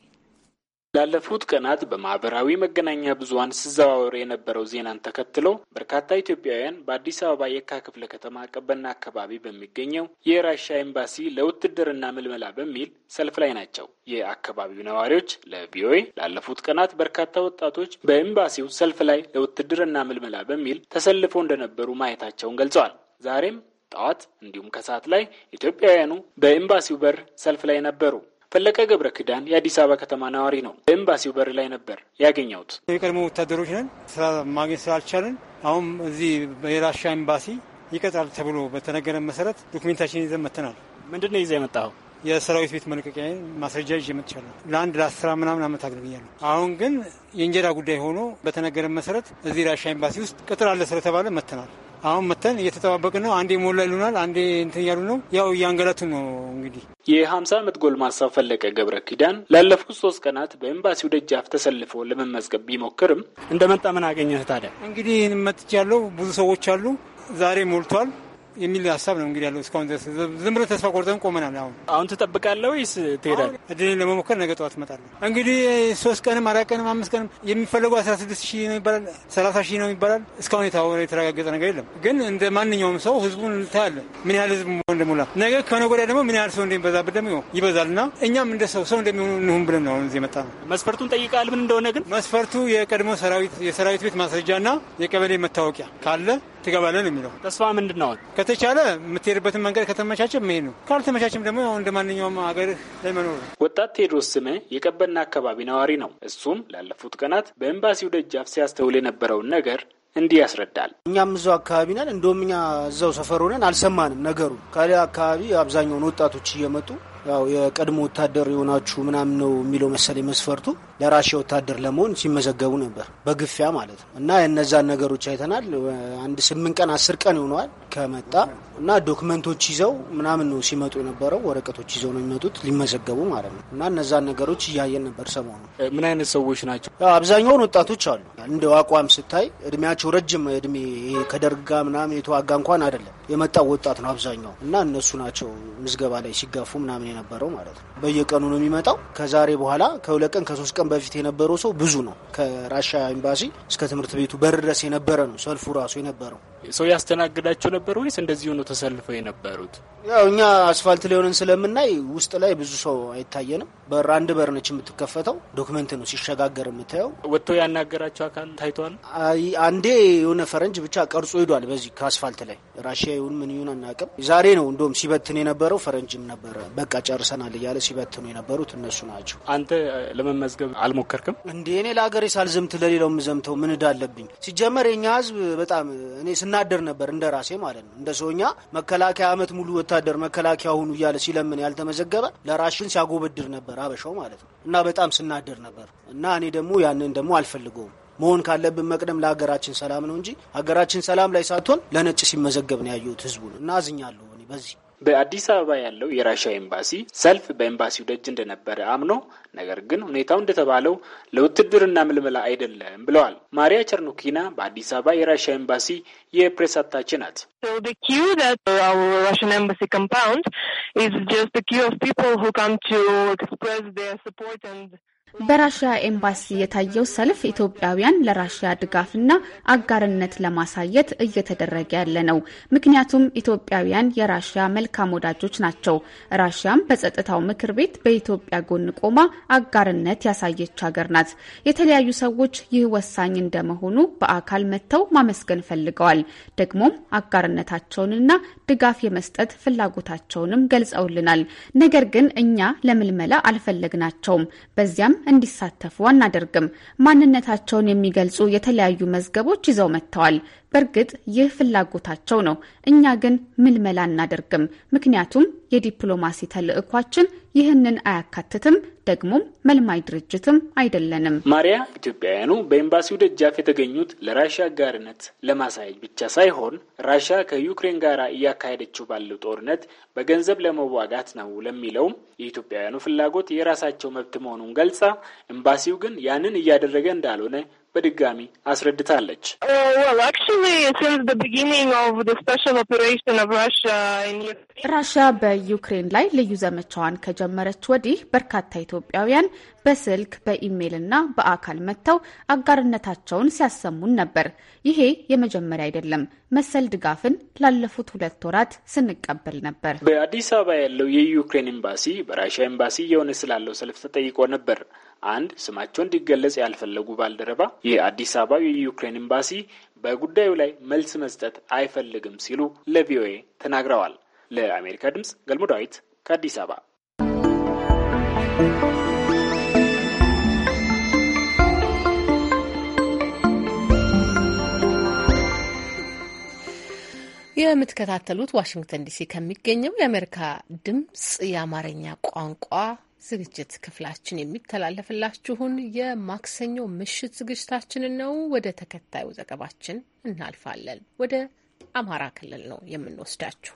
ላለፉት ቀናት በማህበራዊ መገናኛ ብዙሀን ሲዘዋወር የነበረው ዜናን ተከትሎ በርካታ ኢትዮጵያውያን በአዲስ አበባ የካ ክፍለ ከተማ ቀበና አካባቢ በሚገኘው የራሻ ኤምባሲ ለውትድርና ምልመላ በሚል ሰልፍ ላይ ናቸው። የአካባቢው ነዋሪዎች ለቪኦኤ ላለፉት ቀናት በርካታ ወጣቶች በኤምባሲው ሰልፍ ላይ ለውትድርና ምልመላ በሚል ተሰልፎ እንደነበሩ ማየታቸውን ገልጸዋል። ዛሬም ጠዋት እንዲሁም ከሰዓት ላይ ኢትዮጵያውያኑ በኤምባሲው በር ሰልፍ ላይ ነበሩ። ፈለቀ ገብረ ኪዳን የአዲስ አበባ ከተማ ነዋሪ ነው። በኤምባሲው በር ላይ ነበር ያገኘሁት። የቀድሞ ወታደሮች ነን። ስራ ማግኘት ስላልቻልን አሁን እዚህ የራሻ ኤምባሲ ይቀጥራል ተብሎ በተነገረ መሰረት ዶክሜንታችን ይዘን መጥተናል። ምንድን ነው ይዘህ የመጣኸው? የሰራዊት ቤት መልቀቂያ ማስረጃ ይዤ መጥቻለሁ። ለአንድ ለአስራ ምናምን ዓመት አገልግያለሁ። አሁን ግን የእንጀራ ጉዳይ ሆኖ በተነገረ መሰረት እዚህ ራሻ ኤምባሲ ውስጥ ቅጥር አለ ስለተባለ መጥተናል። አሁን መተን እየተጠባበቅ ነው። አንዴ ሞለሉናል፣ አንዴ እንትን ያሉ ነው። ያው እያንገላቱ ነው እንግዲህ የሀምሳ ዓመት ጎልማሳ ፈለቀ ገብረ ኪዳን ላለፉት ሶስት ቀናት በኤምባሲው ደጃፍ ተሰልፎ ለመመዝገብ ቢሞክርም እንደመጣ ምን አገኘህ ታዲያ? እንግዲህ መጥቼ ያለው ብዙ ሰዎች አሉ። ዛሬ ሞልቷል። የሚል ሀሳብ ነው እንግዲህ ያለው። እስካሁን ድረስ ዝም ብሎ ተስፋ ቆርጠን ቆመናል። አሁን አሁን ትጠብቃለህ ወይስ ትሄዳለህ? እድሌን ለመሞከር ነገ ጠዋት እመጣለሁ። እንግዲህ ሶስት ቀንም አራት ቀንም አምስት ቀንም የሚፈለጉ አስራ ስድስት ሺህ ነው ይባላል፣ ሰላሳ ሺህ ነው ይባላል። እስካሁን የታወረ የተረጋገጠ ነገር የለም። ግን እንደ ማንኛውም ሰው ህዝቡን ታያለህ፣ ምን ያህል ህዝብ እንደሞላ ነገ ከነገ ወዲያ ደግሞ ምን ያህል ሰው እንደሚበዛብን ደግሞ ይበዛል። እና እኛም እንደ ሰው ሰው እንደሚሆኑ እንሁን ብለን ነው እዚህ የመጣ ነው። መስፈርቱን ጠይቃል። ምን እንደሆነ? ግን መስፈርቱ የቀድሞ ሰራዊት የሰራዊት ቤት ማስረጃ የቀበሌ መታወቂያ ካለ ትገባለህ ነው የሚለው። ተስፋ ምንድን ነው? ከተቻለ የምትሄድበትን መንገድ ከተመቻቸ መሄድ ነው፣ ካልተመቻችም ደግሞ እንደ ማንኛውም ሀገር ላይ መኖር ነው። ወጣት ቴዎድሮስ ስመ የቀበና አካባቢ ነዋሪ ነው። እሱም ላለፉት ቀናት በኤምባሲው ደጃፍ ሲያስተውል የነበረውን ነገር እንዲህ ያስረዳል። እኛም እዛው አካባቢ ነን። እንደውም እኛ እዛው ሰፈር ሆነን አልሰማንም ነገሩ። ከሌላ አካባቢ አብዛኛውን ወጣቶች እየመጡ ያው የቀድሞ ወታደር የሆናችሁ ምናምን ነው የሚለው መሰለኝ መስፈርቱ የራሽያ ወታደር ለመሆን ሲመዘገቡ ነበር፣ በግፊያ ማለት ነው። እና የነዛን ነገሮች አይተናል። አንድ ስምንት ቀን አስር ቀን ይሆነዋል ከመጣ እና ዶክመንቶች ይዘው ምናምን ነው ሲመጡ የነበረው፣ ወረቀቶች ይዘው ነው የሚመጡት ሊመዘገቡ ማለት ነው። እና እነዛን ነገሮች እያየን ነበር ሰሞኑ። ምን አይነት ሰዎች ናቸው? አብዛኛውን ወጣቶች አሉ። እንደ አቋም ስታይ እድሜያቸው ረጅም እድሜ ከደርጋ ምናምን የተዋጋ እንኳን አይደለም የመጣው ወጣት ነው አብዛኛው። እና እነሱ ናቸው ምዝገባ ላይ ሲጋፉ ምናምን የነበረው ማለት ነው። በየቀኑ ነው የሚመጣው ከዛሬ በኋላ ከሁለት ቀን ከሶስት ቀን በፊት የነበረው ሰው ብዙ ነው። ከራሻ ኤምባሲ እስከ ትምህርት ቤቱ በር ድረስ የነበረ ነው ሰልፉ ራሱ የነበረው። ሰው ያስተናግዳቸው ነበር ወይስ እንደዚሁ ነው ተሰልፈው የነበሩት? ያው እኛ አስፋልት ላይ ስለምናይ ውስጥ ላይ ብዙ ሰው አይታየንም። በር አንድ በር ነች የምትከፈተው። ዶክመንት ነው ሲሸጋገር የምታየው። ወጥተው ያናገራቸው አካል ታይተዋል? አንዴ የሆነ ፈረንጅ ብቻ ቀርጾ ሂዷል በዚህ ከአስፋልት ላይ ራሽያ ይሁን ምን ይሁን አናውቅም። ዛሬ ነው እንደውም ሲበትን የነበረው ፈረንጅም ነበረ። በቃ ጨርሰናል እያለ ሲበትኑ የነበሩት እነሱ ናቸው። አንተ ለመመዝገብ አልሞከርክም እንዴ? እኔ ለሀገሬ ሳልዘምት ለሌላው የምዘምተው ምን እዳ አለብኝ? ሲጀመር የኛ ህዝብ በጣም እኔ ስናደር ነበር፣ እንደ ራሴ ማለት ነው። እንደ ሰውኛ መከላከያ አመት ሙሉ ወታደር መከላከያ ሁኑ እያለ ሲለምን ያልተመዘገበ ለራሽን ሲያጎበድር ነበር አበሻው ማለት ነው። እና በጣም ስናደር ነበር። እና እኔ ደግሞ ያንን ደግሞ አልፈልገውም። መሆን ካለብን መቅደም ለሀገራችን ሰላም ነው እንጂ ሀገራችን ሰላም ላይ ሳትሆን ለነጭ ሲመዘገብ ነው ያየሁት ህዝቡን እና አዝኛለሁ እኔ በዚህ በአዲስ አበባ ያለው የራሻ ኤምባሲ ሰልፍ በኤምባሲው ደጅ እንደነበረ አምኖ ነገር ግን ሁኔታው እንደተባለው ለውትድርና ምልመላ አይደለም ብለዋል። ማሪያ ቸርኑኪና በአዲስ አበባ የራሻ ኤምባሲ የፕሬስ አታች ናት። በራሽያ ኤምባሲ የታየው ሰልፍ ኢትዮጵያውያን ለራሽያ ድጋፍና አጋርነት ለማሳየት እየተደረገ ያለ ነው። ምክንያቱም ኢትዮጵያውያን የራሽያ መልካም ወዳጆች ናቸው። ራሽያም በጸጥታው ምክር ቤት በኢትዮጵያ ጎን ቆማ አጋርነት ያሳየች ሀገር ናት። የተለያዩ ሰዎች ይህ ወሳኝ እንደመሆኑ በአካል መጥተው ማመስገን ፈልገዋል። ደግሞም አጋርነታቸውንና ድጋፍ የመስጠት ፍላጎታቸውንም ገልጸውልናል። ነገር ግን እኛ ለምልመላ አልፈለግናቸውም። በዚያም እንዲሳተፉ አናደርግም። ማንነታቸውን የሚገልጹ የተለያዩ መዝገቦች ይዘው መጥተዋል። በእርግጥ ይህ ፍላጎታቸው ነው። እኛ ግን ምልመላ አናደርግም፣ ምክንያቱም የዲፕሎማሲ ተልእኳችን ይህንን አያካትትም። ደግሞም መልማይ ድርጅትም አይደለንም። ማሪያ ኢትዮጵያውያኑ በኤምባሲው ደጃፍ የተገኙት ለራሽያ አጋርነት ለማሳየት ብቻ ሳይሆን ራሽያ ከዩክሬን ጋር እያካሄደችው ባለው ጦርነት በገንዘብ ለመዋጋት ነው ለሚለውም የኢትዮጵያውያኑ ፍላጎት የራሳቸው መብት መሆኑን ገልጻ ኤምባሲው ግን ያንን እያደረገ እንዳልሆነ በድጋሚ አስረድታለች። ራሽያ uh, በዩክሬን ላይ ልዩ ዘመቻዋን ከጀመረች ወዲህ በርካታ ኢትዮጵያውያን በስልክ በኢሜይል እና በአካል መጥተው አጋርነታቸውን ሲያሰሙን ነበር። ይሄ የመጀመሪያ አይደለም። መሰል ድጋፍን ላለፉት ሁለት ወራት ስንቀበል ነበር። በአዲስ አበባ ያለው የዩክሬን ኤምባሲ በራሽያ ኤምባሲ እየሆነ ስላለው ሰልፍ ተጠይቆ ነበር። አንድ ስማቸው እንዲገለጽ ያልፈለጉ ባልደረባ የአዲስ አበባ የዩክሬን ኤምባሲ በጉዳዩ ላይ መልስ መስጠት አይፈልግም ሲሉ ለቪኦኤ ተናግረዋል። ለአሜሪካ ድምጽ ገልሞ ዳዊት ከአዲስ አበባ የምትከታተሉት ዋሽንግተን ዲሲ ከሚገኘው የአሜሪካ ድምጽ የአማርኛ ቋንቋ ዝግጅት ክፍላችን የሚተላለፍላችሁን የማክሰኞ ምሽት ዝግጅታችንን ነው። ወደ ተከታዩ ዘገባችን እናልፋለን። ወደ አማራ ክልል ነው የምንወስዳችሁ።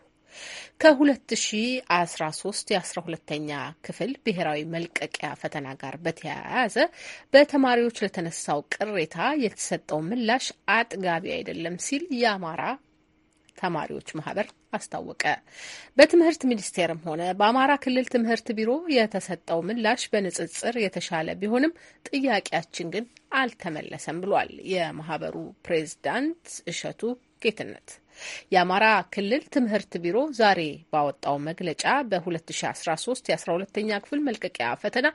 ከ2013 የ12ተኛ ክፍል ብሔራዊ መልቀቂያ ፈተና ጋር በተያያዘ በተማሪዎች ለተነሳው ቅሬታ የተሰጠው ምላሽ አጥጋቢ አይደለም ሲል የአማራ ተማሪዎች ማህበር አስታወቀ። በትምህርት ሚኒስቴርም ሆነ በአማራ ክልል ትምህርት ቢሮ የተሰጠው ምላሽ በንጽጽር የተሻለ ቢሆንም ጥያቄያችን ግን አልተመለሰም ብሏል የማህበሩ ፕሬዚዳንት እሸቱ ጌትነት የአማራ ክልል ትምህርት ቢሮ ዛሬ ባወጣው መግለጫ በ2013 የ12ኛ ክፍል መልቀቂያ ፈተና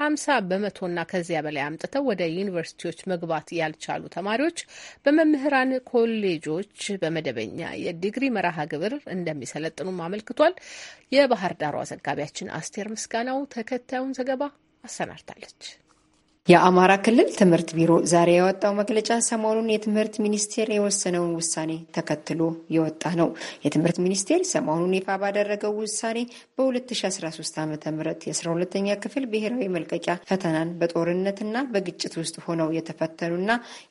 50 በመቶና ከዚያ በላይ አምጥተው ወደ ዩኒቨርሲቲዎች መግባት ያልቻሉ ተማሪዎች በመምህራን ኮሌጆች በመደበኛ የዲግሪ መርሃ ግብር እንደሚሰለጥኑም አመልክቷል። የባህር ዳሯ ዘጋቢያችን አስቴር ምስጋናው ተከታዩን ዘገባ አሰናድታለች። የአማራ ክልል ትምህርት ቢሮ ዛሬ ያወጣው መግለጫ ሰሞኑን የትምህርት ሚኒስቴር የወሰነውን ውሳኔ ተከትሎ የወጣ ነው። የትምህርት ሚኒስቴር ሰሞኑን ይፋ ባደረገው ውሳኔ በ2013 ዓ ም የ12ኛ ክፍል ብሔራዊ መልቀቂያ ፈተናን በጦርነትና በግጭት ውስጥ ሆነው የተፈተኑና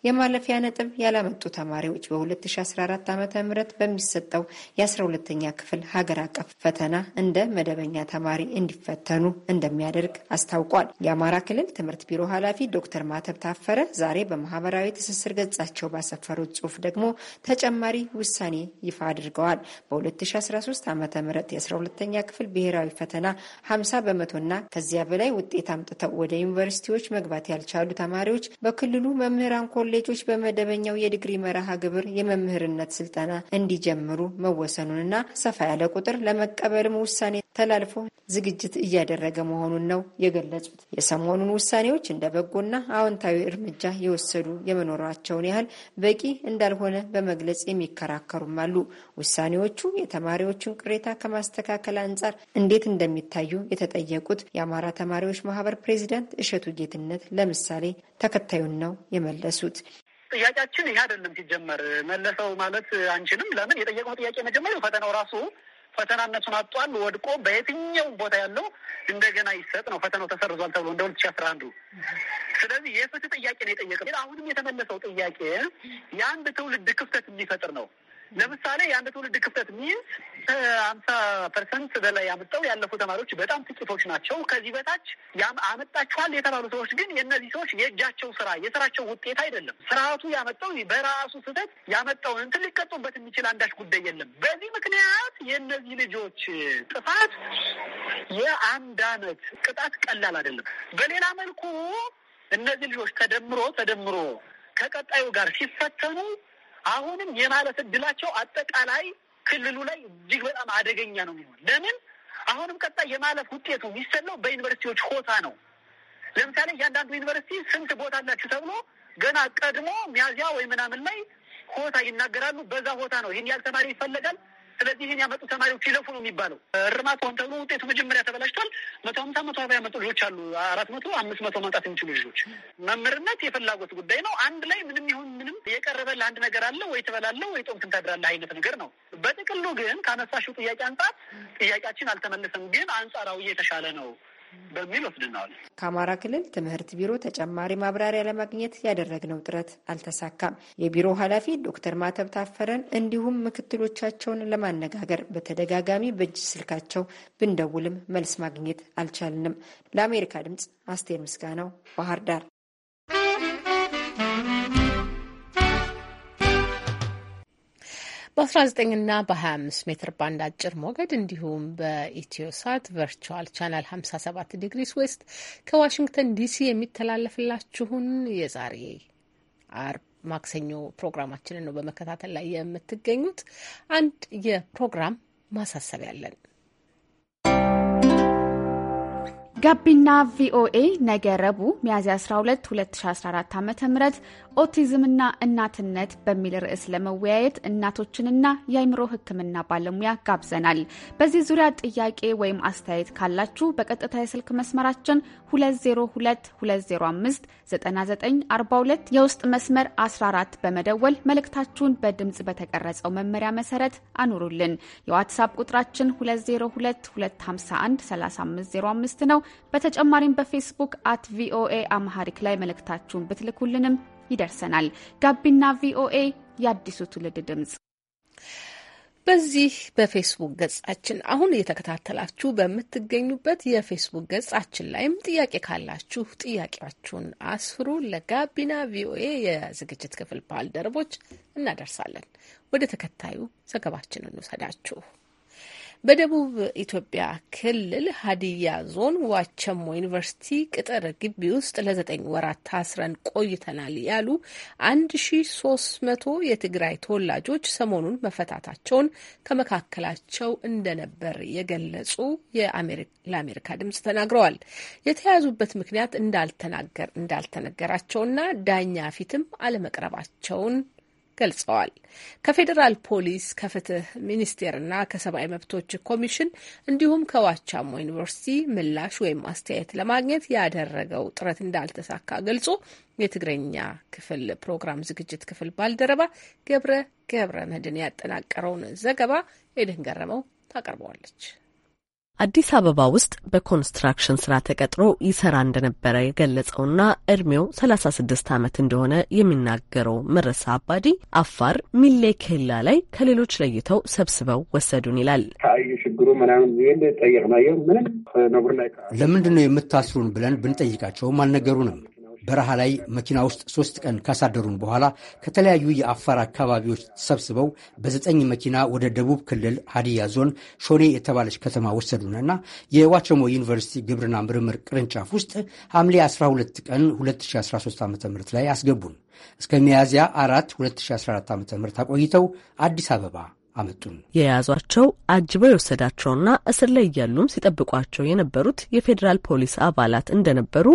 የማለፊያ ነጥብ ያላመጡ ተማሪዎች በ2014 ዓ ም በሚሰጠው የ12ኛ ክፍል ሀገር አቀፍ ፈተና እንደ መደበኛ ተማሪ እንዲፈተኑ እንደሚያደርግ አስታውቋል። የአማራ ክልል ትምህርት ቢሮ ኋላ ኃላፊ ዶክተር ማተብ ታፈረ ዛሬ በማህበራዊ ትስስር ገጻቸው ባሰፈሩት ጽሁፍ ደግሞ ተጨማሪ ውሳኔ ይፋ አድርገዋል። በ2013 ዓ ም የ12ኛ ክፍል ብሔራዊ ፈተና 50 በመቶና ከዚያ በላይ ውጤት አምጥተው ወደ ዩኒቨርሲቲዎች መግባት ያልቻሉ ተማሪዎች በክልሉ መምህራን ኮሌጆች በመደበኛው የዲግሪ መርሃ ግብር የመምህርነት ስልጠና እንዲጀምሩ መወሰኑንና ሰፋ ያለ ቁጥር ለመቀበልም ውሳኔ ተላልፎ ዝግጅት እያደረገ መሆኑን ነው የገለጹት። የሰሞኑን ውሳኔዎች እንደ በጎና አዎንታዊ እርምጃ የወሰዱ የመኖራቸውን ያህል በቂ እንዳልሆነ በመግለጽ የሚከራከሩም አሉ። ውሳኔዎቹ የተማሪዎቹን ቅሬታ ከማስተካከል አንጻር እንዴት እንደሚታዩ የተጠየቁት የአማራ ተማሪዎች ማህበር ፕሬዚዳንት እሸቱ ጌትነት ለምሳሌ ተከታዩን ነው የመለሱት። ጥያቄያችን ይህ አይደለም ሲጀመር መለሰው ማለት አንችልም። ለምን የጠየቀው ጥያቄ መጀመሪያው ፈተናው ራሱ ፈተናነቱን አጧል ወድቆ በየትኛውም ቦታ ያለው እንደገና ይሰጥ ነው። ፈተናው ተሰርዟል ተብሎ እንደ ሁለት ሺ አስራ አንዱ ስለዚህ የፍትህ ጥያቄ ነው የጠየቀው። አሁንም የተመለሰው ጥያቄ የአንድ ትውልድ ክፍተት የሚፈጥር ነው። ለምሳሌ የአንድ ትውልድ ክፍተት ሚንስ ሀምሳ ፐርሰንት በላይ አምጠው ያለፉ ተማሪዎች በጣም ጥቂቶች ናቸው። ከዚህ በታች አመጣችኋል የተባሉ ሰዎች ግን የእነዚህ ሰዎች የእጃቸው ስራ የስራቸው ውጤት አይደለም። ስርዓቱ ያመጣው በራሱ ስህተት ያመጣውን እንትን ሊቀጡበት የሚችል አንዳች ጉዳይ የለም። በዚህ ምክንያት የእነዚህ ልጆች ጥፋት የአንድ አመት ቅጣት ቀላል አይደለም። በሌላ መልኩ እነዚህ ልጆች ተደምሮ ተደምሮ ከቀጣዩ ጋር ሲፈተኑ አሁንም የማለፍ እድላቸው አጠቃላይ ክልሉ ላይ እጅግ በጣም አደገኛ ነው የሚሆን። ለምን አሁንም ቀጣይ የማለፍ ውጤቱ የሚሰለው በዩኒቨርሲቲዎች ሆታ ነው። ለምሳሌ እያንዳንዱ ዩኒቨርሲቲ ስንት ቦታ አላችሁ ተብሎ ገና ቀድሞ ሚያዚያ ወይ ምናምን ላይ ሆታ ይናገራሉ። በዛ ሆታ ነው ይህን ያህል ተማሪ ይፈለጋል፣ ስለዚህ ይህን ያመጡ ተማሪዎች ይለፉ ነው የሚባለው። እርማት ሆን ተብሎ ውጤቱ መጀመሪያ ተበላሽቷል። መቶ ሀምሳ መቶ አርባ ያመጡ ልጆች አሉ። አራት መቶ አምስት መቶ ማምጣት የሚችሉ ልጆች። መምህርነት የፍላጎት ጉዳይ ነው። አንድ ላይ ምንም ይሁን ምንም የቀረበ ለአንድ ነገር አለ ወይ ትበላለ ወይ ጦም ትንታድራለህ አይነት ነገር ነው። በጥቅሉ ግን ካነሳሽው ጥያቄ አንጻር ጥያቄያችን አልተመለሰም፣ ግን አንጻራዊ እየተሻለ ነው። በሚል ወስድነዋል። ከአማራ ክልል ትምህርት ቢሮ ተጨማሪ ማብራሪያ ለማግኘት ያደረግነው ጥረት አልተሳካም። የቢሮ ኃላፊ ዶክተር ማተብ ታፈረን እንዲሁም ምክትሎቻቸውን ለማነጋገር በተደጋጋሚ በእጅ ስልካቸው ብንደውልም መልስ ማግኘት አልቻልንም። ለአሜሪካ ድምጽ አስቴር ምስጋናው ባህር ዳር። በ19ና በ25 ሜትር ባንድ አጭር ሞገድ እንዲሁም ሳት ቨርቹዋል ቻናል 57 ዲግሪስ ዌስት ከዋሽንግተን ዲሲ የሚተላለፍላችሁን የዛሬ አርብ ማክሰኞ ፕሮግራማችንን ነው በመከታተል ላይ የምትገኙት። አንድ የፕሮግራም ማሳሰቢያ አለን። ጋቢና ቪኦኤ ነገ ረቡዕ ሚያዝያ 12 2014 ዓ ም ኦቲዝምና እናትነት በሚል ርዕስ ለመወያየት እናቶችንና የአይምሮ ሕክምና ባለሙያ ጋብዘናል። በዚህ ዙሪያ ጥያቄ ወይም አስተያየት ካላችሁ በቀጥታ የስልክ መስመራችን 2022059942 የውስጥ መስመር 14 በመደወል መልእክታችሁን በድምፅ በተቀረጸው መመሪያ መሰረት አኑሩልን። የዋትሳፕ ቁጥራችን 2022513505 ነው። በተጨማሪም በፌስቡክ አት ቪኦኤ አምሃሪክ ላይ መልእክታችሁን ብትልኩልንም ይደርሰናል። ጋቢና ቪኦኤ የአዲሱ ትውልድ ድምጽ። በዚህ በፌስቡክ ገጻችን አሁን እየተከታተላችሁ በምትገኙበት የፌስቡክ ገጻችን ላይም ጥያቄ ካላችሁ ጥያቄያችሁን አስፍሩ። ለጋቢና ቪኦኤ የዝግጅት ክፍል ባልደረቦች እናደርሳለን። ወደ ተከታዩ ዘገባችን እንውሰዳችሁ። በደቡብ ኢትዮጵያ ክልል ሀዲያ ዞን ዋቸሞ ዩኒቨርሲቲ ቅጥር ግቢ ውስጥ ለዘጠኝ ወራት ታስረን ቆይተናል ያሉ አንድ ሺ ሶስት መቶ የትግራይ ተወላጆች ሰሞኑን መፈታታቸውን ከመካከላቸው እንደነበር የገለጹ ለአሜሪካ ድምጽ ተናግረዋል። የተያዙበት ምክንያት እንዳልተናገር እንዳልተነገራቸውና ዳኛ ፊትም አለመቅረባቸውን ገልጸዋል። ከፌዴራል ፖሊስ ከፍትህ ሚኒስቴርና ከሰብአዊ መብቶች ኮሚሽን እንዲሁም ከዋቻሞ ዩኒቨርሲቲ ምላሽ ወይም አስተያየት ለማግኘት ያደረገው ጥረት እንዳልተሳካ ገልጾ የትግረኛ ክፍል ፕሮግራም ዝግጅት ክፍል ባልደረባ ገብረ ገብረ መድን ያጠናቀረውን ዘገባ ኤደን ገረመው ታቀርበዋለች። አዲስ አበባ ውስጥ በኮንስትራክሽን ስራ ተቀጥሮ ይሰራ እንደነበረ የገለጸውና እድሜው 36 ዓመት እንደሆነ የሚናገረው መረሳ አባዲ አፋር ሚሌ ኬላ ላይ ከሌሎች ለይተው ሰብስበው ወሰዱን ይላል። ሽግሩ ምናምን ጠየቅናየው ምንም ለምንድን ነው የምታስሩን ብለን ብንጠይቃቸውም አልነገሩንም። በረሃ ላይ መኪና ውስጥ ሶስት ቀን ካሳደሩን በኋላ ከተለያዩ የአፋር አካባቢዎች ተሰብስበው በዘጠኝ መኪና ወደ ደቡብ ክልል ሀዲያ ዞን ሾኔ የተባለች ከተማ ወሰዱንና የዋቸሞ ዩኒቨርሲቲ ግብርና ምርምር ቅርንጫፍ ውስጥ ሐምሌ 12 ቀን 2013 ዓ ም ላይ አስገቡን። እስከ ሚያዝያ አራት 2014 ዓ ም አቆይተው አዲስ አበባ አመጡን። የያዟቸው አጅበው የወሰዳቸውና እስር ላይ እያሉም ሲጠብቋቸው የነበሩት የፌዴራል ፖሊስ አባላት እንደነበሩ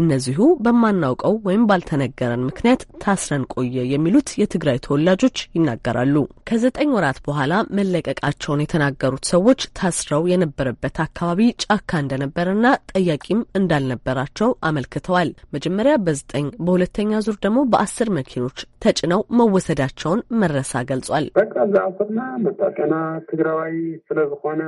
እነዚሁ በማናውቀው ወይም ባልተነገረን ምክንያት ታስረን ቆየ የሚሉት የትግራይ ተወላጆች ይናገራሉ። ከዘጠኝ ወራት በኋላ መለቀቃቸውን የተናገሩት ሰዎች ታስረው የነበረበት አካባቢ ጫካ እንደነበረና ጠያቂም እንዳልነበራቸው አመልክተዋል። መጀመሪያ በዘጠኝ በሁለተኛ ዙር ደግሞ በአስር መኪኖች ተጭነው መወሰዳቸውን መረሳ ገልጿል። በቃ መጣቀና ትግራዋይ ስለዝኾነ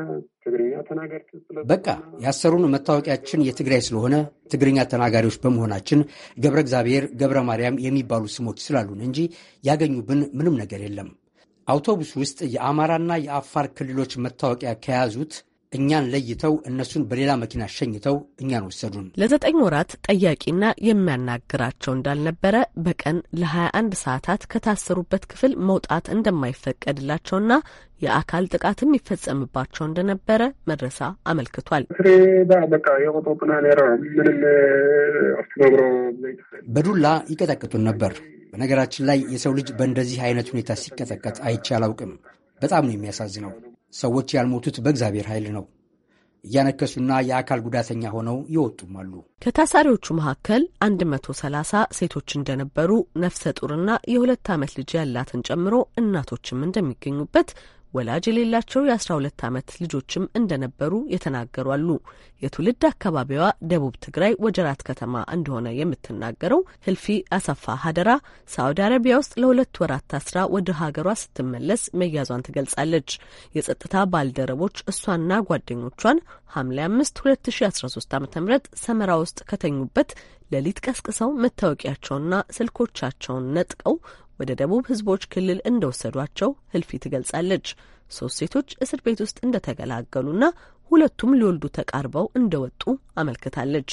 ትግርኛ ተናገርቲ ስለ በቃ ያሰሩን መታወቂያችን የትግራይ ስለሆነ ትግርኛ ተናጋሪዎች በመሆናችን ገብረ እግዚአብሔር ገብረ ማርያም የሚባሉ ስሞች ስላሉን እንጂ ያገኙብን ምንም ነገር የለም። አውቶቡስ ውስጥ የአማራና የአፋር ክልሎች መታወቂያ ከያዙት እኛን ለይተው እነሱን በሌላ መኪና ሸኝተው እኛን ወሰዱን። ለዘጠኝ ወራት ጠያቂና የሚያናግራቸው እንዳልነበረ በቀን ለ21 ሰዓታት ከታሰሩበት ክፍል መውጣት እንደማይፈቀድላቸውና የአካል ጥቃትም ይፈጸምባቸው እንደነበረ መድረሳ አመልክቷል። በዱላ ይቀጠቅጡን ነበር። በነገራችን ላይ የሰው ልጅ በእንደዚህ አይነት ሁኔታ ሲቀጠቀጥ አይቼ አላውቅም። በጣም ነው የሚያሳዝነው። ሰዎች ያልሞቱት በእግዚአብሔር ኃይል ነው። እያነከሱና የአካል ጉዳተኛ ሆነው ይወጡም አሉ። ከታሳሪዎቹ መካከል 130 ሴቶች እንደነበሩ ነፍሰ ጡርና የሁለት ዓመት ልጅ ያላትን ጨምሮ እናቶችም እንደሚገኙበት ወላጅ የሌላቸው የአስራ ሁለት ዓመት ልጆችም እንደነበሩ የተናገሩ አሉ። የትውልድ አካባቢዋ ደቡብ ትግራይ ወጀራት ከተማ እንደሆነ የምትናገረው ህልፊ አሰፋ ሀደራ ሳዑዲ አረቢያ ውስጥ ለሁለት ወራት ታስራ ወደ ሀገሯ ስትመለስ መያዟን ትገልጻለች። የጸጥታ ባልደረቦች እሷና ጓደኞቿን ሐምሌ አምስት ሁለት ሺ አስራ ሶስት ሰመራ ውስጥ ከተኙበት ሌሊት ቀስቅሰው መታወቂያቸውና ስልኮቻቸውን ነጥቀው ወደ ደቡብ ህዝቦች ክልል እንደወሰዷቸው ህልፊ ትገልጻለች። ሶስት ሴቶች እስር ቤት ውስጥ እንደተገላገሉና ሁለቱም ሊወልዱ ተቃርበው እንደወጡ አመልክታለች።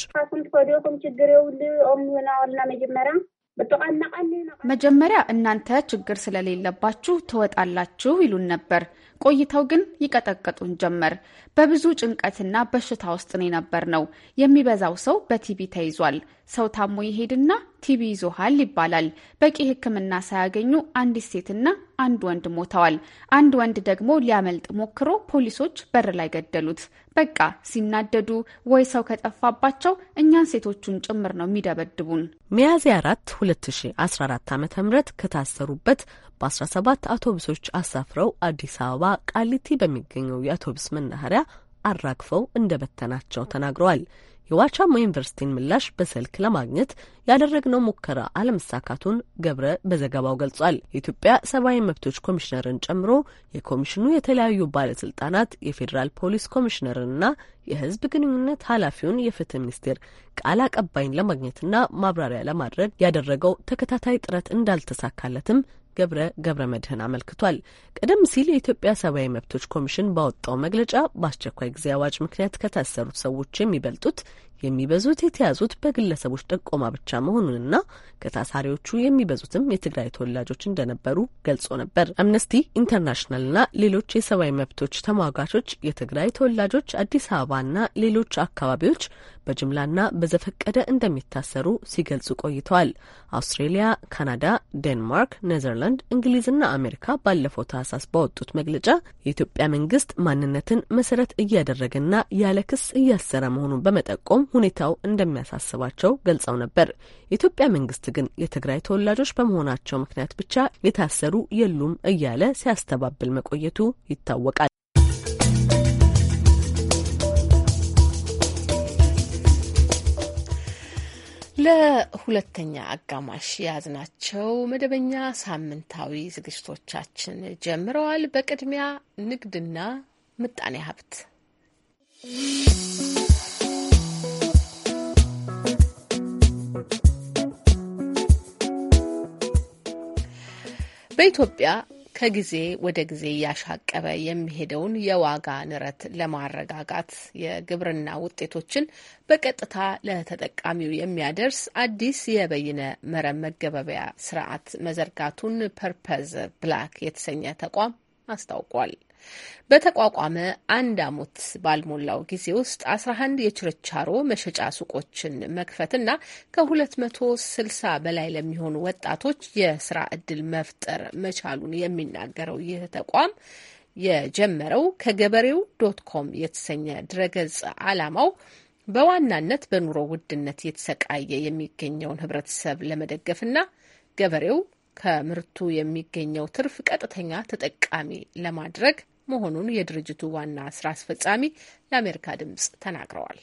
መጀመሪያ እናንተ ችግር ስለሌለባችሁ ትወጣላችሁ ይሉን ነበር። ቆይተው ግን ይቀጠቀጡን ጀመር። በብዙ ጭንቀትና በሽታ ውስጥ ነው የነበር ነው። የሚበዛው ሰው በቲቪ ተይዟል። ሰው ታሞ ይሄድና ቲቢ ይዞሃል ይባላል። በቂ ሕክምና ሳያገኙ አንዲት ሴትና አንድ ወንድ ሞተዋል። አንድ ወንድ ደግሞ ሊያመልጥ ሞክሮ ፖሊሶች በር ላይ ገደሉት። በቃ ሲናደዱ ወይ ሰው ከጠፋባቸው እኛን ሴቶቹን ጭምር ነው የሚደበድቡን። ሚያዝያ 4 ሁለት ዓ ም ከታሰሩበት በ17 አውቶቡሶች አሳፍረው አዲስ አበባ ቃሊቲ በሚገኘው የአውቶቡስ መናኸሪያ አራግፈው እንደበተናቸው ተናግረዋል። የዋቻሞ ዩኒቨርሲቲን ምላሽ በስልክ ለማግኘት ያደረግነው ሙከራ አለመሳካቱን ገብረ በዘገባው ገልጿል። የኢትዮጵያ ሰብአዊ መብቶች ኮሚሽነርን ጨምሮ የኮሚሽኑ የተለያዩ ባለስልጣናት የፌዴራል ፖሊስ ኮሚሽነርንና የህዝብ ግንኙነት ኃላፊውን የፍትህ ሚኒስቴር ቃል አቀባይን ለማግኘትና ማብራሪያ ለማድረግ ያደረገው ተከታታይ ጥረት እንዳልተሳካለትም ገብረ ገብረ መድህን አመልክቷል። ቀደም ሲል የኢትዮጵያ ሰብአዊ መብቶች ኮሚሽን ባወጣው መግለጫ በአስቸኳይ ጊዜ አዋጅ ምክንያት ከታሰሩት ሰዎች የሚበልጡት የሚበዙት የተያዙት በግለሰቦች ጥቆማ ብቻ መሆኑንና ከታሳሪዎቹ የሚበዙትም የትግራይ ተወላጆች እንደነበሩ ገልጾ ነበር። አምነስቲ ኢንተርናሽናልና ሌሎች የሰብአዊ መብቶች ተሟጋቾች የትግራይ ተወላጆች አዲስ አበባና ሌሎች አካባቢዎች በጅምላና በዘፈቀደ እንደሚታሰሩ ሲገልጹ ቆይተዋል። አውስትሬሊያ፣ ካናዳ፣ ዴንማርክ፣ ኔዘርላንድ፣ እንግሊዝና አሜሪካ ባለፈው ታህሳስ ባወጡት መግለጫ የኢትዮጵያ መንግስት ማንነትን መሰረት እያደረገና ያለ ክስ እያሰረ መሆኑን በመጠቆም ሁኔታው እንደሚያሳስባቸው ገልጸው ነበር። የኢትዮጵያ መንግስት ግን የትግራይ ተወላጆች በመሆናቸው ምክንያት ብቻ የታሰሩ የሉም እያለ ሲያስተባብል መቆየቱ ይታወቃል። ለሁለተኛ አጋማሽ የያዝናቸው መደበኛ ሳምንታዊ ዝግጅቶቻችን ጀምረዋል። በቅድሚያ ንግድና ምጣኔ ሀብት በኢትዮጵያ ከጊዜ ወደ ጊዜ እያሻቀበ የሚሄደውን የዋጋ ንረት ለማረጋጋት የግብርና ውጤቶችን በቀጥታ ለተጠቃሚው የሚያደርስ አዲስ የበይነ መረብ መገበቢያ ስርዓት መዘርጋቱን ፐርፐዝ ብላክ የተሰኘ ተቋም አስታውቋል። በተቋቋመ አንድ ዓመት ባልሞላው ጊዜ ውስጥ 11 የችርቻሮ መሸጫ ሱቆችን መክፈትና ከ260 በላይ ለሚሆኑ ወጣቶች የስራ እድል መፍጠር መቻሉን የሚናገረው ይህ ተቋም የጀመረው ከገበሬው ዶት ኮም የተሰኘ ድረገጽ ዓላማው በዋናነት በኑሮ ውድነት የተሰቃየ የሚገኘውን ህብረተሰብ ለመደገፍና ገበሬው ከምርቱ የሚገኘው ትርፍ ቀጥተኛ ተጠቃሚ ለማድረግ መሆኑን የድርጅቱ ዋና ስራ አስፈጻሚ ለአሜሪካ ድምጽ ተናግረዋል።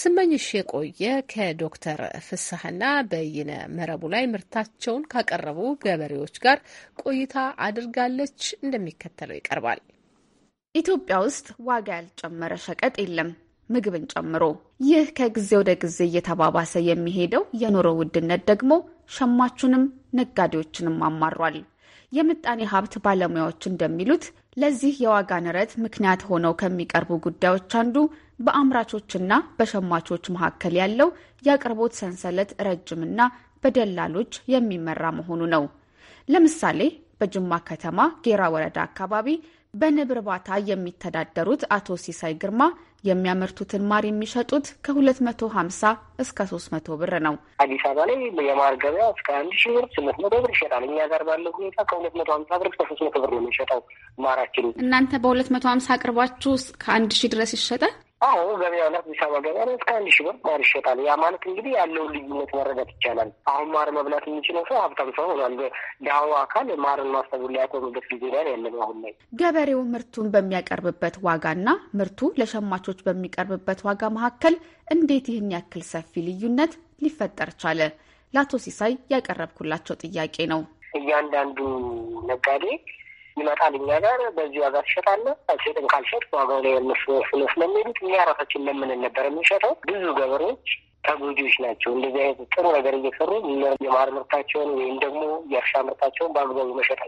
ስመኝሽ የቆየ ከዶክተር ፍስሐና በይነ መረቡ ላይ ምርታቸውን ካቀረቡ ገበሬዎች ጋር ቆይታ አድርጋለች። እንደሚከተለው ይቀርባል። ኢትዮጵያ ውስጥ ዋጋ ያልጨመረ ሸቀጥ የለም ምግብን ጨምሮ። ይህ ከጊዜ ወደ ጊዜ እየተባባሰ የሚሄደው የኑሮ ውድነት ደግሞ ሸማቹንም ነጋዴዎችንም አማሯል። የምጣኔ ሀብት ባለሙያዎች እንደሚሉት ለዚህ የዋጋ ንረት ምክንያት ሆነው ከሚቀርቡ ጉዳዮች አንዱ በአምራቾችና በሸማቾች መካከል ያለው የአቅርቦት ሰንሰለት ረጅምና በደላሎች የሚመራ መሆኑ ነው። ለምሳሌ በጅማ ከተማ ጌራ ወረዳ አካባቢ በንብ እርባታ የሚተዳደሩት አቶ ሲሳይ ግርማ የሚያመርቱትን ማር የሚሸጡት ከ250 እስከ 300 ብር ነው። አዲስ አበባ ላይ የማር ገበያ እስከ አንድ ሺ ብር ስምንት መቶ ብር ይሸጣል። እኛ ጋር ባለው ሁኔታ ከሁለት መቶ ሀምሳ ብር እስከ ሶስት መቶ ብር ነው የሚሸጠው ማራችን። እናንተ በሁለት መቶ ሀምሳ አቅርባችሁ ከ1 ሺ ድረስ ይሸጣል። አዎ ገበያ ላይ አዲስ አበባ ገበያ ላይ እስከ አንድ ሺህ ብር ማር ይሸጣል። ያ ማለት እንግዲህ ያለውን ልዩነት መረዳት ይቻላል። አሁን ማር መብላት የሚችለው ሰው ሀብታም ሰው ሆኗል። ድሃው አካል ማርን ማሰቡን ሊያቆምበት ጊዜ ላይ ያለ ነው አሁን ላይ። ገበሬው ምርቱን በሚያቀርብበት ዋጋና ምርቱ ለሸማቾች በሚቀርብበት ዋጋ መካከል እንዴት ይህን ያክል ሰፊ ልዩነት ሊፈጠር ቻለ? ለአቶ ሲሳይ ያቀረብኩላቸው ጥያቄ ነው። እያንዳንዱ ነጋዴ ይመጣል እኛ ጋር በዚህ ዋጋ ትሸጣለህ፣ ሴጥን ካልሸጥ ዋጋው ላይ የነሱ ስለሚሉት እኛ ራሳችን ለምንን ነበር የምንሸጠው። ብዙ ገበሬዎች ተጎጂዎች ናቸው። እንደዚህ አይነት ጥሩ ነገር እየሰሩ የማር ምርታቸውን ወይም ደግሞ የእርሻ ምርታቸውን በአግባቡ መሸጥ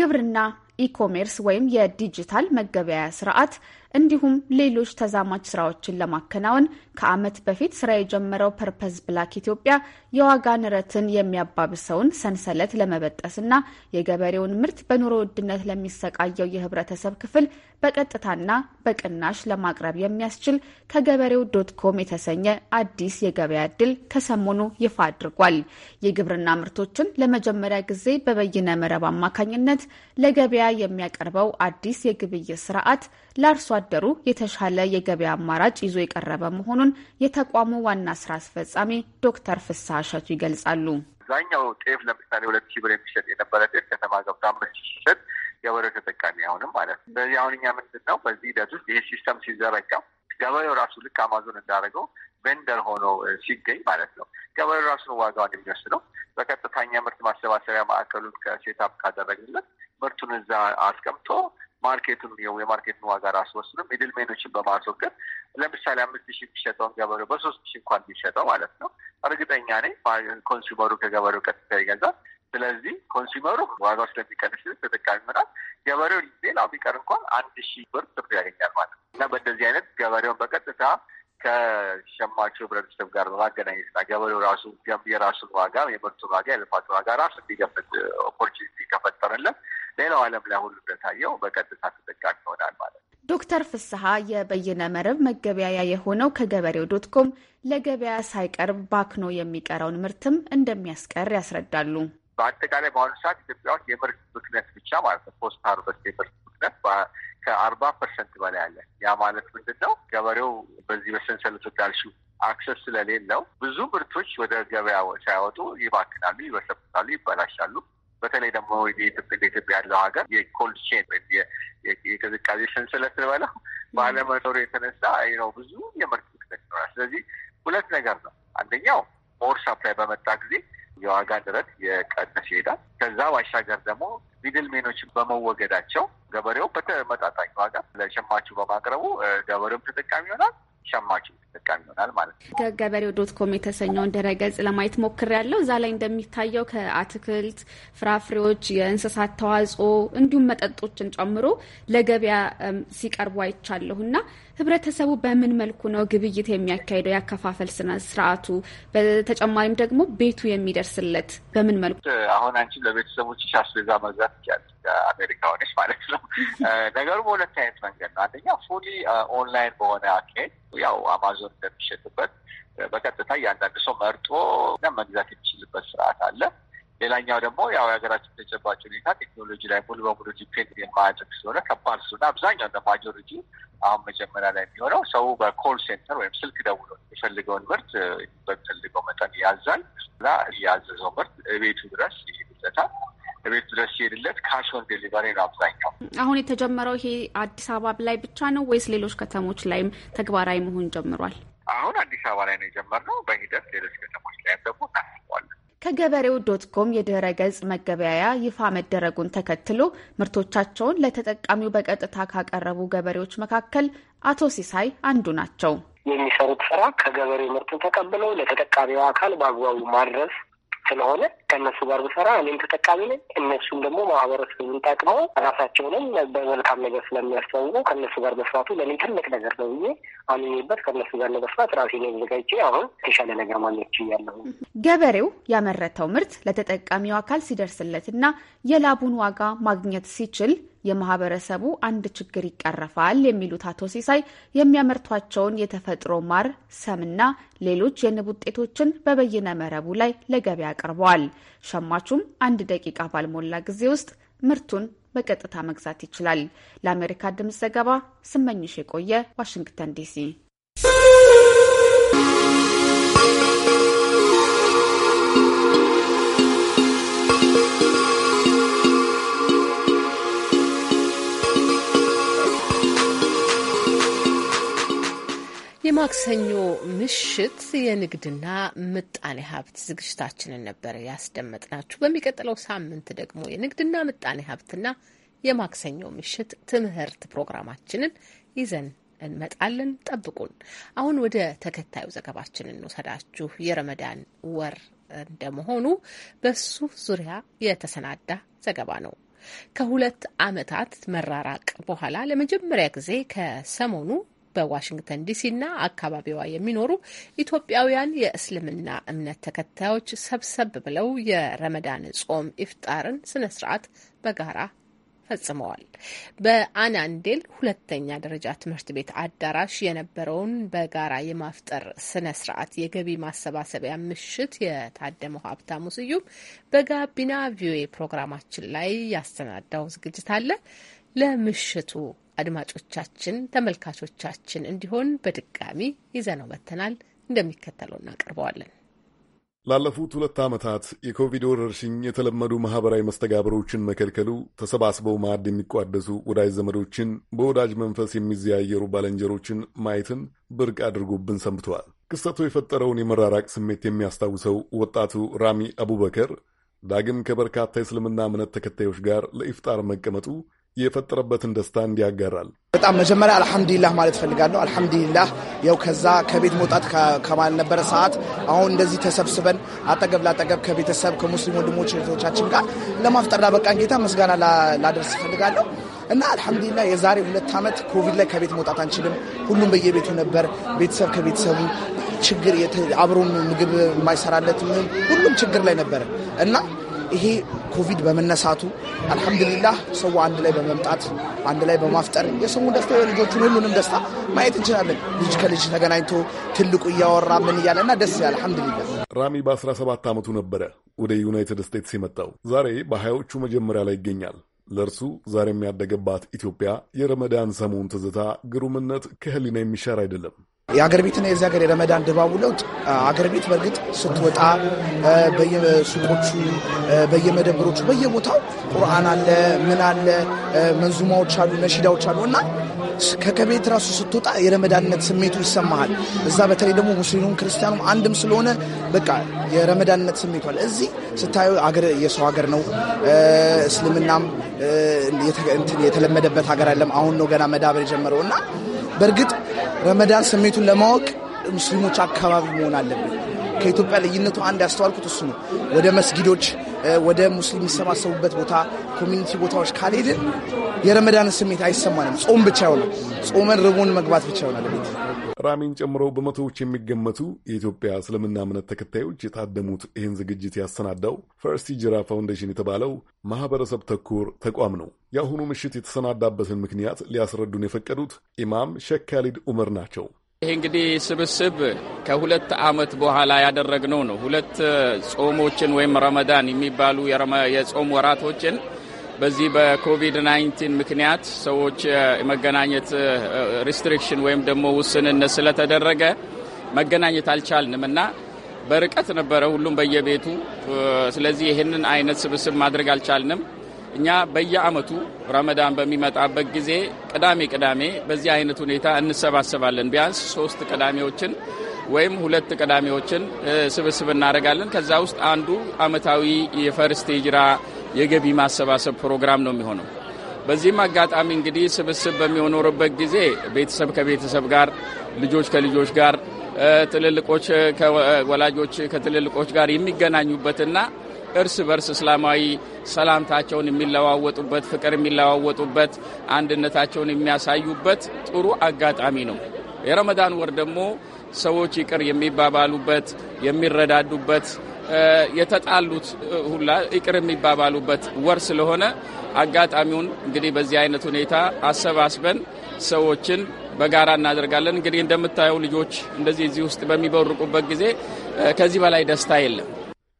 ግብርና፣ ኢኮሜርስ ወይም የዲጂታል መገበያያ ስርዓት እንዲሁም ሌሎች ተዛማች ስራዎችን ለማከናወን ከዓመት በፊት ስራ የጀመረው ፐርፐዝ ብላክ ኢትዮጵያ የዋጋ ንረትን የሚያባብሰውን ሰንሰለት ለመበጠስና የገበሬውን ምርት በኑሮ ውድነት ለሚሰቃየው የህብረተሰብ ክፍል በቀጥታና በቅናሽ ለማቅረብ የሚያስችል ከገበሬው ዶት ኮም የተሰኘ አዲስ የገበ የገበያ እድል ከሰሞኑ ይፋ አድርጓል። የግብርና ምርቶችን ለመጀመሪያ ጊዜ በበይነ መረብ አማካኝነት ለገበያ የሚያቀርበው አዲስ የግብይት ስርዓት ለአርሶ አደሩ የተሻለ የገበያ አማራጭ ይዞ የቀረበ መሆኑን የተቋሙ ዋና ስራ አስፈጻሚ ዶክተር ፍስሐ እሸቱ ይገልጻሉ። አብዛኛው ጤፍ ለምሳሌ ሁለት ሺህ ብር የሚሸጥ የነበረ ጤፍ ከተማ ገብቶ አምስት ሺህ ሲሸጥ ገበሬው ተጠቃሚ አሁንም ማለት ነው። ስለዚህ አሁን እኛ ምንድን ነው በዚህ ሂደት ውስጥ ይህ ሲስተም ሲዘረጋ ገበሬው ራሱ ልክ አማዞን እንዳደረገው ቬንደር ሆኖ ሲገኝ ማለት ነው። ገበሬው ራሱን ነው ዋጋውን የሚወስነው። በቀጥታኛ ምርት ማሰባሰቢያ ማዕከሉን ከሴታፕ ካደረግለት ምርቱን እዛ አስቀምጦ ማርኬቱን የማርኬቱን ዋጋ ራሱ ወስኖ ሜኖችን በማስወገድ ለምሳሌ አምስት ሺህ የሚሸጠውን ገበሬው በሶስት ሺህ እንኳን የሚሸጠው ማለት ነው እርግጠኛ ነኝ ኮንሱመሩ ከገበሬው ቀጥታ ይገዛል። ስለዚህ ኮንሱመሩ ዋጋው ስለሚቀንስ ተጠቃሚ ይሆናል። ገበሬው ሌላው ቢቀር እንኳን አንድ ሺህ ብር ትርፍ ያገኛል ማለት ነው እና በእንደዚህ አይነት ገበሬውን በቀጥታ ከሸማቹ ህብረተሰብ ጋር በማገናኘትና ገበሬው ራሱ የራሱን ዋጋ የምርቱን ዋጋ የልፋቱን ዋጋ ራሱ እንዲገምት ኦፖርቹኒቲ ከፈጠረለን ሌላው ዓለም ላይ ሁሉ እንደታየው በቀጥታ ተጠቃሚ ይሆናል ማለት ነው። ዶክተር ፍስሀ የበይነ መረብ መገበያያ የሆነው ከገበሬው ዶት ኮም ለገበያ ሳይቀርብ ባክኖ የሚቀረውን ምርትም እንደሚያስቀር ያስረዳሉ። በአጠቃላይ በአሁኑ ሰዓት ኢትዮጵያ ውስጥ የምርት ብክነት ብቻ ማለት ነው ፖስት ሃርቨስት የምርት ብክነት ከአርባ ፐርሰንት በላይ አለ። ያ ማለት ምንድን ነው? ገበሬው በዚህ በሰንሰለቱ እንዳልሽው አክሰስ ስለሌለው ብዙ ምርቶች ወደ ገበያ ሳይወጡ ይባክናሉ፣ ይበሰብሳሉ፣ ይበላሻሉ። በተለይ ደግሞ ኢትዮጵያ ያለው ሀገር የኮልድ ቼን የቅዝቃዜ ሰንሰለት ስንበለው ባለመኖሩ የተነሳ ነው ብዙ የምርት ብክነት ይኖራል። ስለዚህ ሁለት ነገር ነው። አንደኛው ሞር ሳፕላይ በመጣ ጊዜ የዋጋ ንረት የቀነስ ይሄዳል። ከዛ ባሻገር ደግሞ ሜኖችን በመወገዳቸው ገበሬው በተመጣጣኝ ዋጋ ለሸማቹ በማቅረቡ ገበሬውም ተጠቃሚ ይሆናል፣ ሸማቹ ተጠቃሚ ይሆናል ማለት ነው። ከገበሬው ዶት ኮም የተሰኘውን ድረገጽ ለማየት ሞክር ያለው እዛ ላይ እንደሚታየው ከአትክልት ፍራፍሬዎች፣ የእንስሳት ተዋጽኦ እንዲሁም መጠጦችን ጨምሮ ለገበያ ሲቀርቡ አይቻለሁ እና ህብረተሰቡ በምን መልኩ ነው ግብይት የሚያካሄደው? ያከፋፈል ስነ ስርዓቱ፣ በተጨማሪም ደግሞ ቤቱ የሚደርስለት በምን መልኩ? አሁን አንቺ ለቤተሰቦችሽ አስቤዛ መግዛት ይቻል አሜሪካ ሆነሽ ማለት ነው። ነገሩ በሁለት አይነት መንገድ ነው። አንደኛ ፉሊ ኦንላይን በሆነ አካሄድ ያው አማዞን እንደሚሸጥበት በቀጥታ እያንዳንድ ሰው መርጦ መግዛት የሚችልበት ስርዓት አለ። ሌላኛው ደግሞ ያው የሀገራችን ተጨባጭ ሁኔታ ቴክኖሎጂ ላይ ሙሉ በሙሉ ዲፔንድ የማያደርግ ስለሆነ ከባድ ስለሆነ አብዛኛው እንደ ማጆሪቲ አሁን መጀመሪያ ላይ የሚሆነው ሰው በኮል ሴንተር ወይም ስልክ ደውሎ የፈልገውን ምርት በሚፈልገው መጠን ያዛል እና ያዘዘው ምርት ቤቱ ድረስ ይሄድለታል። ቤት ድረስ ሲሄድለት ካሽ ኦን ዴሊቨሪ ነው አብዛኛው። አሁን የተጀመረው ይሄ አዲስ አበባ ላይ ብቻ ነው ወይስ ሌሎች ከተሞች ላይም ተግባራዊ መሆን ጀምሯል? አሁን አዲስ አበባ ላይ ነው የጀመርነው። በሂደት ሌሎች ከተሞች ላይም ደግሞ እናስበዋለን። ከገበሬው ዶት ኮም የድረ ገጽ መገበያያ ይፋ መደረጉን ተከትሎ ምርቶቻቸውን ለተጠቃሚው በቀጥታ ካቀረቡ ገበሬዎች መካከል አቶ ሲሳይ አንዱ ናቸው። የሚሰሩት ስራ ከገበሬው ምርትን ተቀብለው ለተጠቃሚው አካል በአግባቡ ማድረስ ስለሆነ ከእነሱ ጋር ብሰራ እኔም ተጠቃሚ ነኝ፣ እነሱም ደግሞ ማህበረሰብን ጠቅመው ራሳቸውንም በመልካም ነገር ስለሚያስተውቁ ከእነሱ ጋር መስራቱ ለእኔ ትልቅ ነገር ነው ብዬ አምኜበት ከእነሱ ጋር ለመስራት ራሴን አዘጋጅቼ አሁን የተሻለ ነገር ማግኘት ችያለሁ። ገበሬው ያመረተው ምርት ለተጠቃሚው አካል ሲደርስለት ሲደርስለትና የላቡን ዋጋ ማግኘት ሲችል የማህበረሰቡ አንድ ችግር ይቀረፋል የሚሉት አቶ ሲሳይ የሚያመርቷቸውን የተፈጥሮ ማር፣ ሰምና ሌሎች የንብ ውጤቶችን በበይነ መረቡ ላይ ለገበያ አቅርበዋል። ሸማቹም አንድ ደቂቃ ባልሞላ ጊዜ ውስጥ ምርቱን በቀጥታ መግዛት ይችላል። ለአሜሪካ ድምፅ ዘገባ ስመኝሽ የቆየ ዋሽንግተን ዲሲ። የማክሰኞ ምሽት የንግድና ምጣኔ ሀብት ዝግጅታችንን ነበር ያስደመጥናችሁ። በሚቀጥለው ሳምንት ደግሞ የንግድና ምጣኔ ሀብትና የማክሰኞ ምሽት ትምህርት ፕሮግራማችንን ይዘን እንመጣለን። ጠብቁን። አሁን ወደ ተከታዩ ዘገባችን እንውሰዳችሁ። የረመዳን ወር እንደመሆኑ በሱ ዙሪያ የተሰናዳ ዘገባ ነው። ከሁለት ዓመታት መራራቅ በኋላ ለመጀመሪያ ጊዜ ከሰሞኑ በዋሽንግተን ዲሲና አካባቢዋ የሚኖሩ ኢትዮጵያውያን የእስልምና እምነት ተከታዮች ሰብሰብ ብለው የረመዳን ጾም ኢፍጣርን ስነ ስርዓት በጋራ ፈጽመዋል። በአናንዴል ሁለተኛ ደረጃ ትምህርት ቤት አዳራሽ የነበረውን በጋራ የማፍጠር ስነ ስርዓት የገቢ ማሰባሰቢያ ምሽት የታደመው ሀብታሙ ስዩም በጋቢና ቪኦኤ ፕሮግራማችን ላይ ያሰናዳው ዝግጅት አለ። ለምሽቱ አድማጮቻችን፣ ተመልካቾቻችን እንዲሆን በድጋሚ ይዘነው መጥተናል። እንደሚከተለው እናቀርበዋለን። ላለፉት ሁለት ዓመታት የኮቪድ ወረርሽኝ የተለመዱ ማኅበራዊ መስተጋብሮችን መከልከሉ ተሰባስበው ማዕድ የሚቋደሱ ወዳጅ ዘመዶችን በወዳጅ መንፈስ የሚዘያየሩ ባለንጀሮችን ማየትን ብርቅ አድርጎብን ሰንብተዋል። ክስተቱ የፈጠረውን የመራራቅ ስሜት የሚያስታውሰው ወጣቱ ራሚ አቡበከር ዳግም ከበርካታ የእስልምና እምነት ተከታዮች ጋር ለኢፍጣር መቀመጡ የፈጠረበትን ደስታ እንዲያጋራል። በጣም መጀመሪያ አልሐምዱሊላህ ማለት እፈልጋለሁ። አልሐምዱሊላህ ያው ከዛ ከቤት መውጣት ከማልነበረ ሰዓት አሁን እንደዚህ ተሰብስበን አጠገብ ላጠገብ ከቤተሰብ ከሙስሊም ወንድሞች እህቶቻችን ጋር ለማፍጠር ላበቃን ጌታ ምስጋና ላደርስ እፈልጋለሁ። እና አልሐምዱሊላ የዛሬ ሁለት ዓመት ኮቪድ ላይ ከቤት መውጣት አንችልም። ሁሉም በየቤቱ ነበር። ቤተሰብ ከቤተሰቡ ችግር አብሮም ምግብ የማይሰራለት ሁሉም ችግር ላይ ነበር። እና ይሄ ኮቪድ በመነሳቱ አልሐምዱሊላህ ሰው አንድ ላይ በመምጣት አንድ ላይ በማፍጠር የሰውን ደስታ የልጆቹን ሁሉንም ደስታ ማየት እንችላለን። ልጅ ከልጅ ተገናኝቶ ትልቁ እያወራ ምን እያለና ደስ ያለ አልሐምዱሊላህ። ራሚ በ17 ዓመቱ ነበረ ወደ ዩናይትድ ስቴትስ የመጣው ዛሬ በሀያዎቹ መጀመሪያ ላይ ይገኛል። ለእርሱ ዛሬ የሚያደገባት ኢትዮጵያ የረመዳን ሰሞን ትዝታ ግሩምነት ከህሊና የሚሻር አይደለም። የአገር ቤትና የዚህ ሀገር የረመዳን ድባቡ ለውጥ አገር ቤት በእርግጥ ስትወጣ በየሱቆቹ በየመደብሮቹ በየቦታው ቁርአን አለ፣ ምን አለ፣ መንዙማዎች አሉ፣ ነሺዳዎች አሉ እና ከከቤት ራሱ ስትወጣ የረመዳንነት ስሜቱ ይሰማሃል። እዛ በተለይ ደግሞ ሙስሊሙም ክርስቲያኑም አንድም ስለሆነ በቃ የረመዳንነት ስሜቱ አለ። እዚህ ስታዩ አገር የሰው ሀገር ነው። እስልምናም የተለመደበት ሀገር አለም። አሁን ነው ገና መዳበር የጀመረው እና በእርግጥ ረመዳን ስሜቱን ለማወቅ ሙስሊሞች አካባቢ መሆን አለብን። ከኢትዮጵያ ልዩነቱ አንድ ያስተዋልኩት እሱ ነው። ወደ መስጊዶች፣ ወደ ሙስሊም የሚሰባሰቡበት ቦታ፣ ኮሚኒቲ ቦታዎች ካልሄድን የረመዳንን ስሜት አይሰማንም። ጾም ብቻ ይሆናል። ጾመን ርቦን መግባት ብቻ ይሆናል ራሚን ጨምሮ በመቶዎች የሚገመቱ የኢትዮጵያ እስልምና እምነት ተከታዮች የታደሙት ይህን ዝግጅት ያሰናዳው ፈርስቲ ጅራ ፋውንዴሽን የተባለው ማህበረሰብ ተኮር ተቋም ነው። የአሁኑ ምሽት የተሰናዳበትን ምክንያት ሊያስረዱን የፈቀዱት ኢማም ሸካሊድ ኡመር ናቸው። ይህ እንግዲህ ስብስብ ከሁለት ዓመት በኋላ ያደረግነው ነው። ሁለት ጾሞችን ወይም ረመዳን የሚባሉ የጾም ወራቶችን በዚህ በኮቪድ-19 ምክንያት ሰዎች የመገናኘት ሪስትሪክሽን ወይም ደግሞ ውስንነት ስለተደረገ መገናኘት አልቻልንም እና በርቀት ነበረ ሁሉም በየቤቱ። ስለዚህ ይህንን አይነት ስብስብ ማድረግ አልቻልንም። እኛ በየአመቱ ረመዳን በሚመጣበት ጊዜ ቅዳሜ ቅዳሜ በዚህ አይነት ሁኔታ እንሰባሰባለን። ቢያንስ ሶስት ቅዳሜዎችን ወይም ሁለት ቅዳሜዎችን ስብስብ እናደርጋለን። ከዛ ውስጥ አንዱ አመታዊ የፈርስት ሂጅራ የገቢ ማሰባሰብ ፕሮግራም ነው የሚሆነው። በዚህም አጋጣሚ እንግዲህ ስብስብ በሚኖርበት ጊዜ ቤተሰብ ከቤተሰብ ጋር፣ ልጆች ከልጆች ጋር፣ ትልልቆች ከወላጆች ከትልልቆች ጋር የሚገናኙበትና እርስ በርስ እስላማዊ ሰላምታቸውን የሚለዋወጡበት፣ ፍቅር የሚለዋወጡበት፣ አንድነታቸውን የሚያሳዩበት ጥሩ አጋጣሚ ነው። የረመዳን ወር ደግሞ ሰዎች ይቅር የሚባባሉበት፣ የሚረዳዱበት የተጣሉት ሁላ ይቅር የሚባባሉበት ወር ስለሆነ አጋጣሚውን እንግዲህ በዚህ አይነት ሁኔታ አሰባስበን ሰዎችን በጋራ እናደርጋለን። እንግዲህ እንደምታየው ልጆች እንደዚህ እዚህ ውስጥ በሚበርቁበት ጊዜ ከዚህ በላይ ደስታ የለም።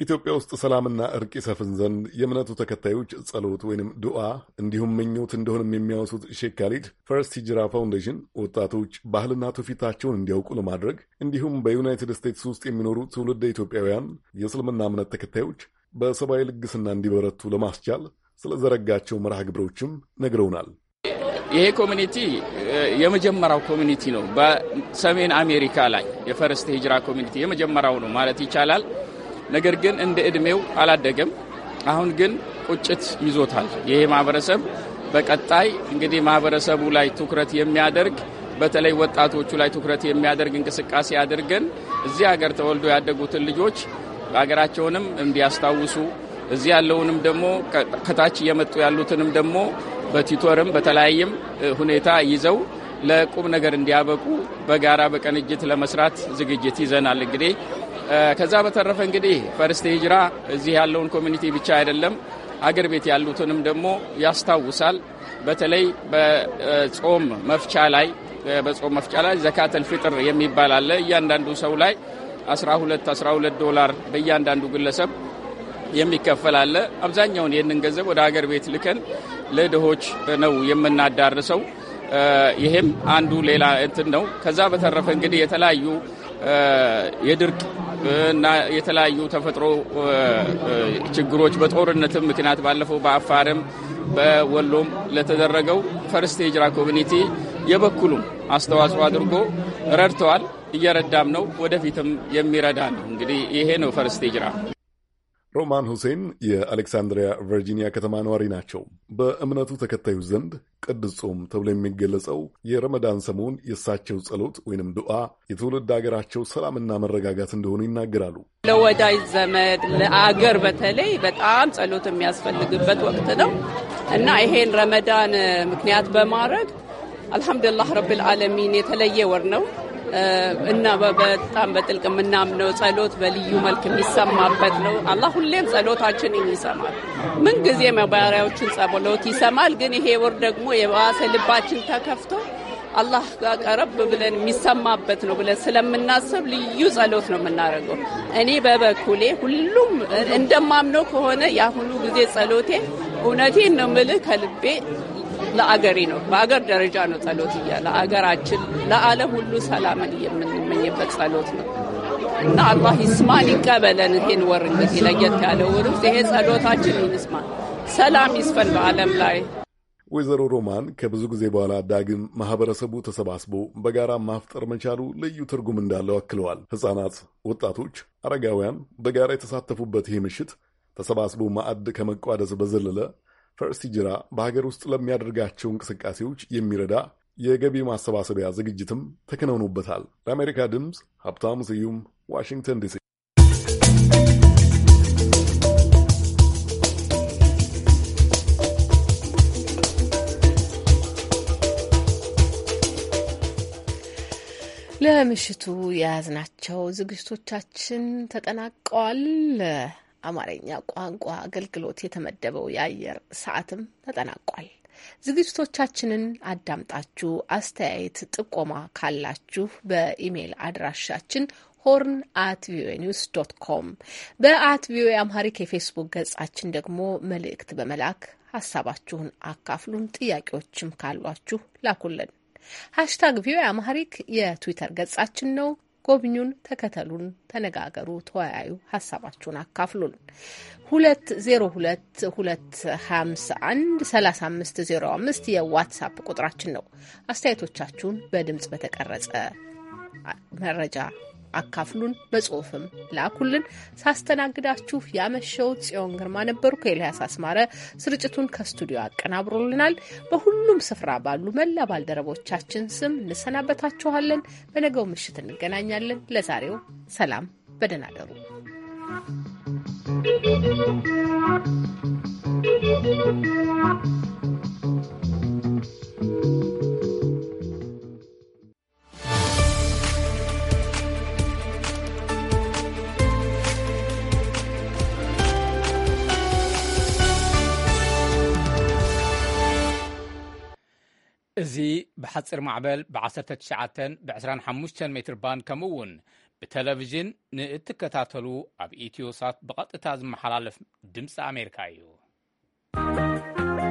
ኢትዮጵያ ውስጥ ሰላምና እርቅ ይሰፍን ዘንድ የእምነቱ ተከታዮች ጸሎት ወይንም ዱዓ እንዲሁም ምኞት እንደሆንም የሚያወሱት ሼክ ካሊድ ፈርስት ሂጅራ ፋውንዴሽን ወጣቶች ባህልና ትውፊታቸውን እንዲያውቁ ለማድረግ እንዲሁም በዩናይትድ ስቴትስ ውስጥ የሚኖሩ ትውልደ ኢትዮጵያውያን የእስልምና እምነት ተከታዮች በሰብአዊ ልግስና እንዲበረቱ ለማስቻል ስለዘረጋቸው መርሃ ግብሮችም ነግረውናል። ይሄ ኮሚኒቲ የመጀመሪያው ኮሚኒቲ ነው በሰሜን አሜሪካ ላይ የፈርስት ሂጅራ ኮሚኒቲ የመጀመሪያው ነው ማለት ይቻላል። ነገር ግን እንደ ዕድሜው አላደገም። አሁን ግን ቁጭት ይዞታል። ይሄ ማህበረሰብ በቀጣይ እንግዲህ ማህበረሰቡ ላይ ትኩረት የሚያደርግ በተለይ ወጣቶቹ ላይ ትኩረት የሚያደርግ እንቅስቃሴ አድርገን እዚህ ሀገር ተወልዶ ያደጉትን ልጆች ሀገራቸውንም እንዲያስታውሱ እዚህ ያለውንም ደግሞ ከታች እየመጡ ያሉትንም ደግሞ በቲቶርም በተለያየም ሁኔታ ይዘው ለቁም ነገር እንዲያበቁ በጋራ በቅንጅት ለመስራት ዝግጅት ይዘናል። እንግዲህ ከዛ በተረፈ እንግዲህ ፈርስት ሂጅራ እዚህ ያለውን ኮሚኒቲ ብቻ አይደለም አገር ቤት ያሉትንም ደግሞ ያስታውሳል። በተለይ በጾም መፍቻ ላይ በጾም መፍቻ ላይ ዘካተል ፍጥር የሚባል አለ። እያንዳንዱ ሰው ላይ 12 12 ዶላር በእያንዳንዱ ግለሰብ የሚከፈል አለ። አብዛኛውን ይህንን ገንዘብ ወደ አገር ቤት ልከን ለድሆች ነው የምናዳርሰው። ይህም አንዱ ሌላ እንትን ነው። ከዛ በተረፈ እንግዲህ የተለያዩ የድርቅ እና የተለያዩ ተፈጥሮ ችግሮች በጦርነትም ምክንያት ባለፈው በአፋርም በወሎም ለተደረገው ፈርስት ሂጅራ ኮሚኒቲ የበኩሉም አስተዋጽኦ አድርጎ ረድተዋል። እየረዳም ነው፣ ወደፊትም የሚረዳ ነው። እንግዲህ ይሄ ነው ፈርስት ሂጅራ። ሮማን ሁሴን የአሌክሳንድሪያ ቨርጂኒያ ከተማ ነዋሪ ናቸው። በእምነቱ ተከታዮች ዘንድ ቅዱስ ጾም ተብሎ የሚገለጸው የረመዳን ሰሞን የእሳቸው ጸሎት ወይንም ዱዓ የትውልድ ሀገራቸው ሰላምና መረጋጋት እንደሆኑ ይናገራሉ። ለወዳጅ ዘመድ፣ ለአገር በተለይ በጣም ጸሎት የሚያስፈልግበት ወቅት ነው እና ይሄን ረመዳን ምክንያት በማድረግ አልሐምዱላህ ረብል ዓለሚን የተለየ ወር ነው እና በጣም በጥልቅ የምናምነው ጸሎት በልዩ መልክ የሚሰማበት ነው። አላህ ሁሌም ጸሎታችን ይሰማል። ምንጊዜ መባሪያዎችን ጸሎት ይሰማል። ግን ይሄ ወር ደግሞ የባሰ ልባችን ተከፍቶ አላህ ጋር ቀረብ ብለን የሚሰማበት ነው ብለን ስለምናስብ ልዩ ጸሎት ነው የምናደርገው። እኔ በበኩሌ ሁሉም እንደማምነው ከሆነ የአሁኑ ጊዜ ጸሎቴ እውነቴን ነው ምልህ ከልቤ ለአገሬ ነው። በአገር ደረጃ ነው ጸሎት እያ ለአገራችን፣ ለዓለም ሁሉ ሰላምን የምንመኝበት ጸሎት ነው እና አላህ ይስማን ይቀበለን። ይሄን ወር እንግዲህ ለየት ያለ ወር ውስጥ ይሄ ጸሎታችን ይስማ፣ ሰላም ይስፈን በዓለም ላይ። ወይዘሮ ሮማን ከብዙ ጊዜ በኋላ ዳግም ማህበረሰቡ ተሰባስቦ በጋራ ማፍጠር መቻሉ ልዩ ትርጉም እንዳለው አክለዋል። ሕፃናት፣ ወጣቶች፣ አረጋውያን በጋራ የተሳተፉበት ይህ ምሽት ተሰባስቦ ማዕድ ከመቋደስ በዘለለ ፈርስ ጅራ በሀገር ውስጥ ለሚያደርጋቸው እንቅስቃሴዎች የሚረዳ የገቢ ማሰባሰቢያ ዝግጅትም ተከናውኖበታል። ለአሜሪካ ድምፅ ሀብታሙ ስዩም ዋሽንግተን ዲሲ። ለምሽቱ የያዝናቸው ዝግጅቶቻችን ተጠናቀዋል። አማርኛ ቋንቋ አገልግሎት የተመደበው የአየር ሰዓትም ተጠናቋል። ዝግጅቶቻችንን አዳምጣችሁ አስተያየት፣ ጥቆማ ካላችሁ በኢሜይል አድራሻችን ሆርን አት ቪኦኤ ኒውስ ዶት ኮም በአት ቪኦኤ አምሃሪክ የፌስቡክ ገጻችን ደግሞ መልእክት በመላክ ሀሳባችሁን አካፍሉን። ጥያቄዎችም ካሏችሁ ላኩልን። ሀሽታግ ቪኦኤ አምሃሪክ የትዊተር ገጻችን ነው። ጎብኙን፣ ተከተሉን፣ ተነጋገሩ፣ ተወያዩ፣ ሀሳባችሁን አካፍሉን። 2022513505 የዋትሳፕ ቁጥራችን ነው። አስተያየቶቻችሁን በድምጽ በተቀረጸ መረጃ አካፍሉን፣ በጽሁፍም ላኩልን። ሳስተናግዳችሁ ያመሸው ጽዮን ግርማ ነበሩ። ከኤልያስ አስማረ ስርጭቱን ከስቱዲዮ አቀናብሮልናል። በሁሉም ስፍራ ባሉ መላ ባልደረቦቻችን ስም እንሰናበታችኋለን። በነገው ምሽት እንገናኛለን። ለዛሬው ሰላም፣ በደህና ደሩ! Thank you. እዚ ብሓፂር ማዕበል ብ19 ብ25 ሜትር ባንድ ከምኡ እውን ብቴሌቭዥን ንእትከታተሉ ኣብ ኢትዮሳት ብቐጥታ ዝመሓላለፍ ድምፂ ኣሜሪካ እዩ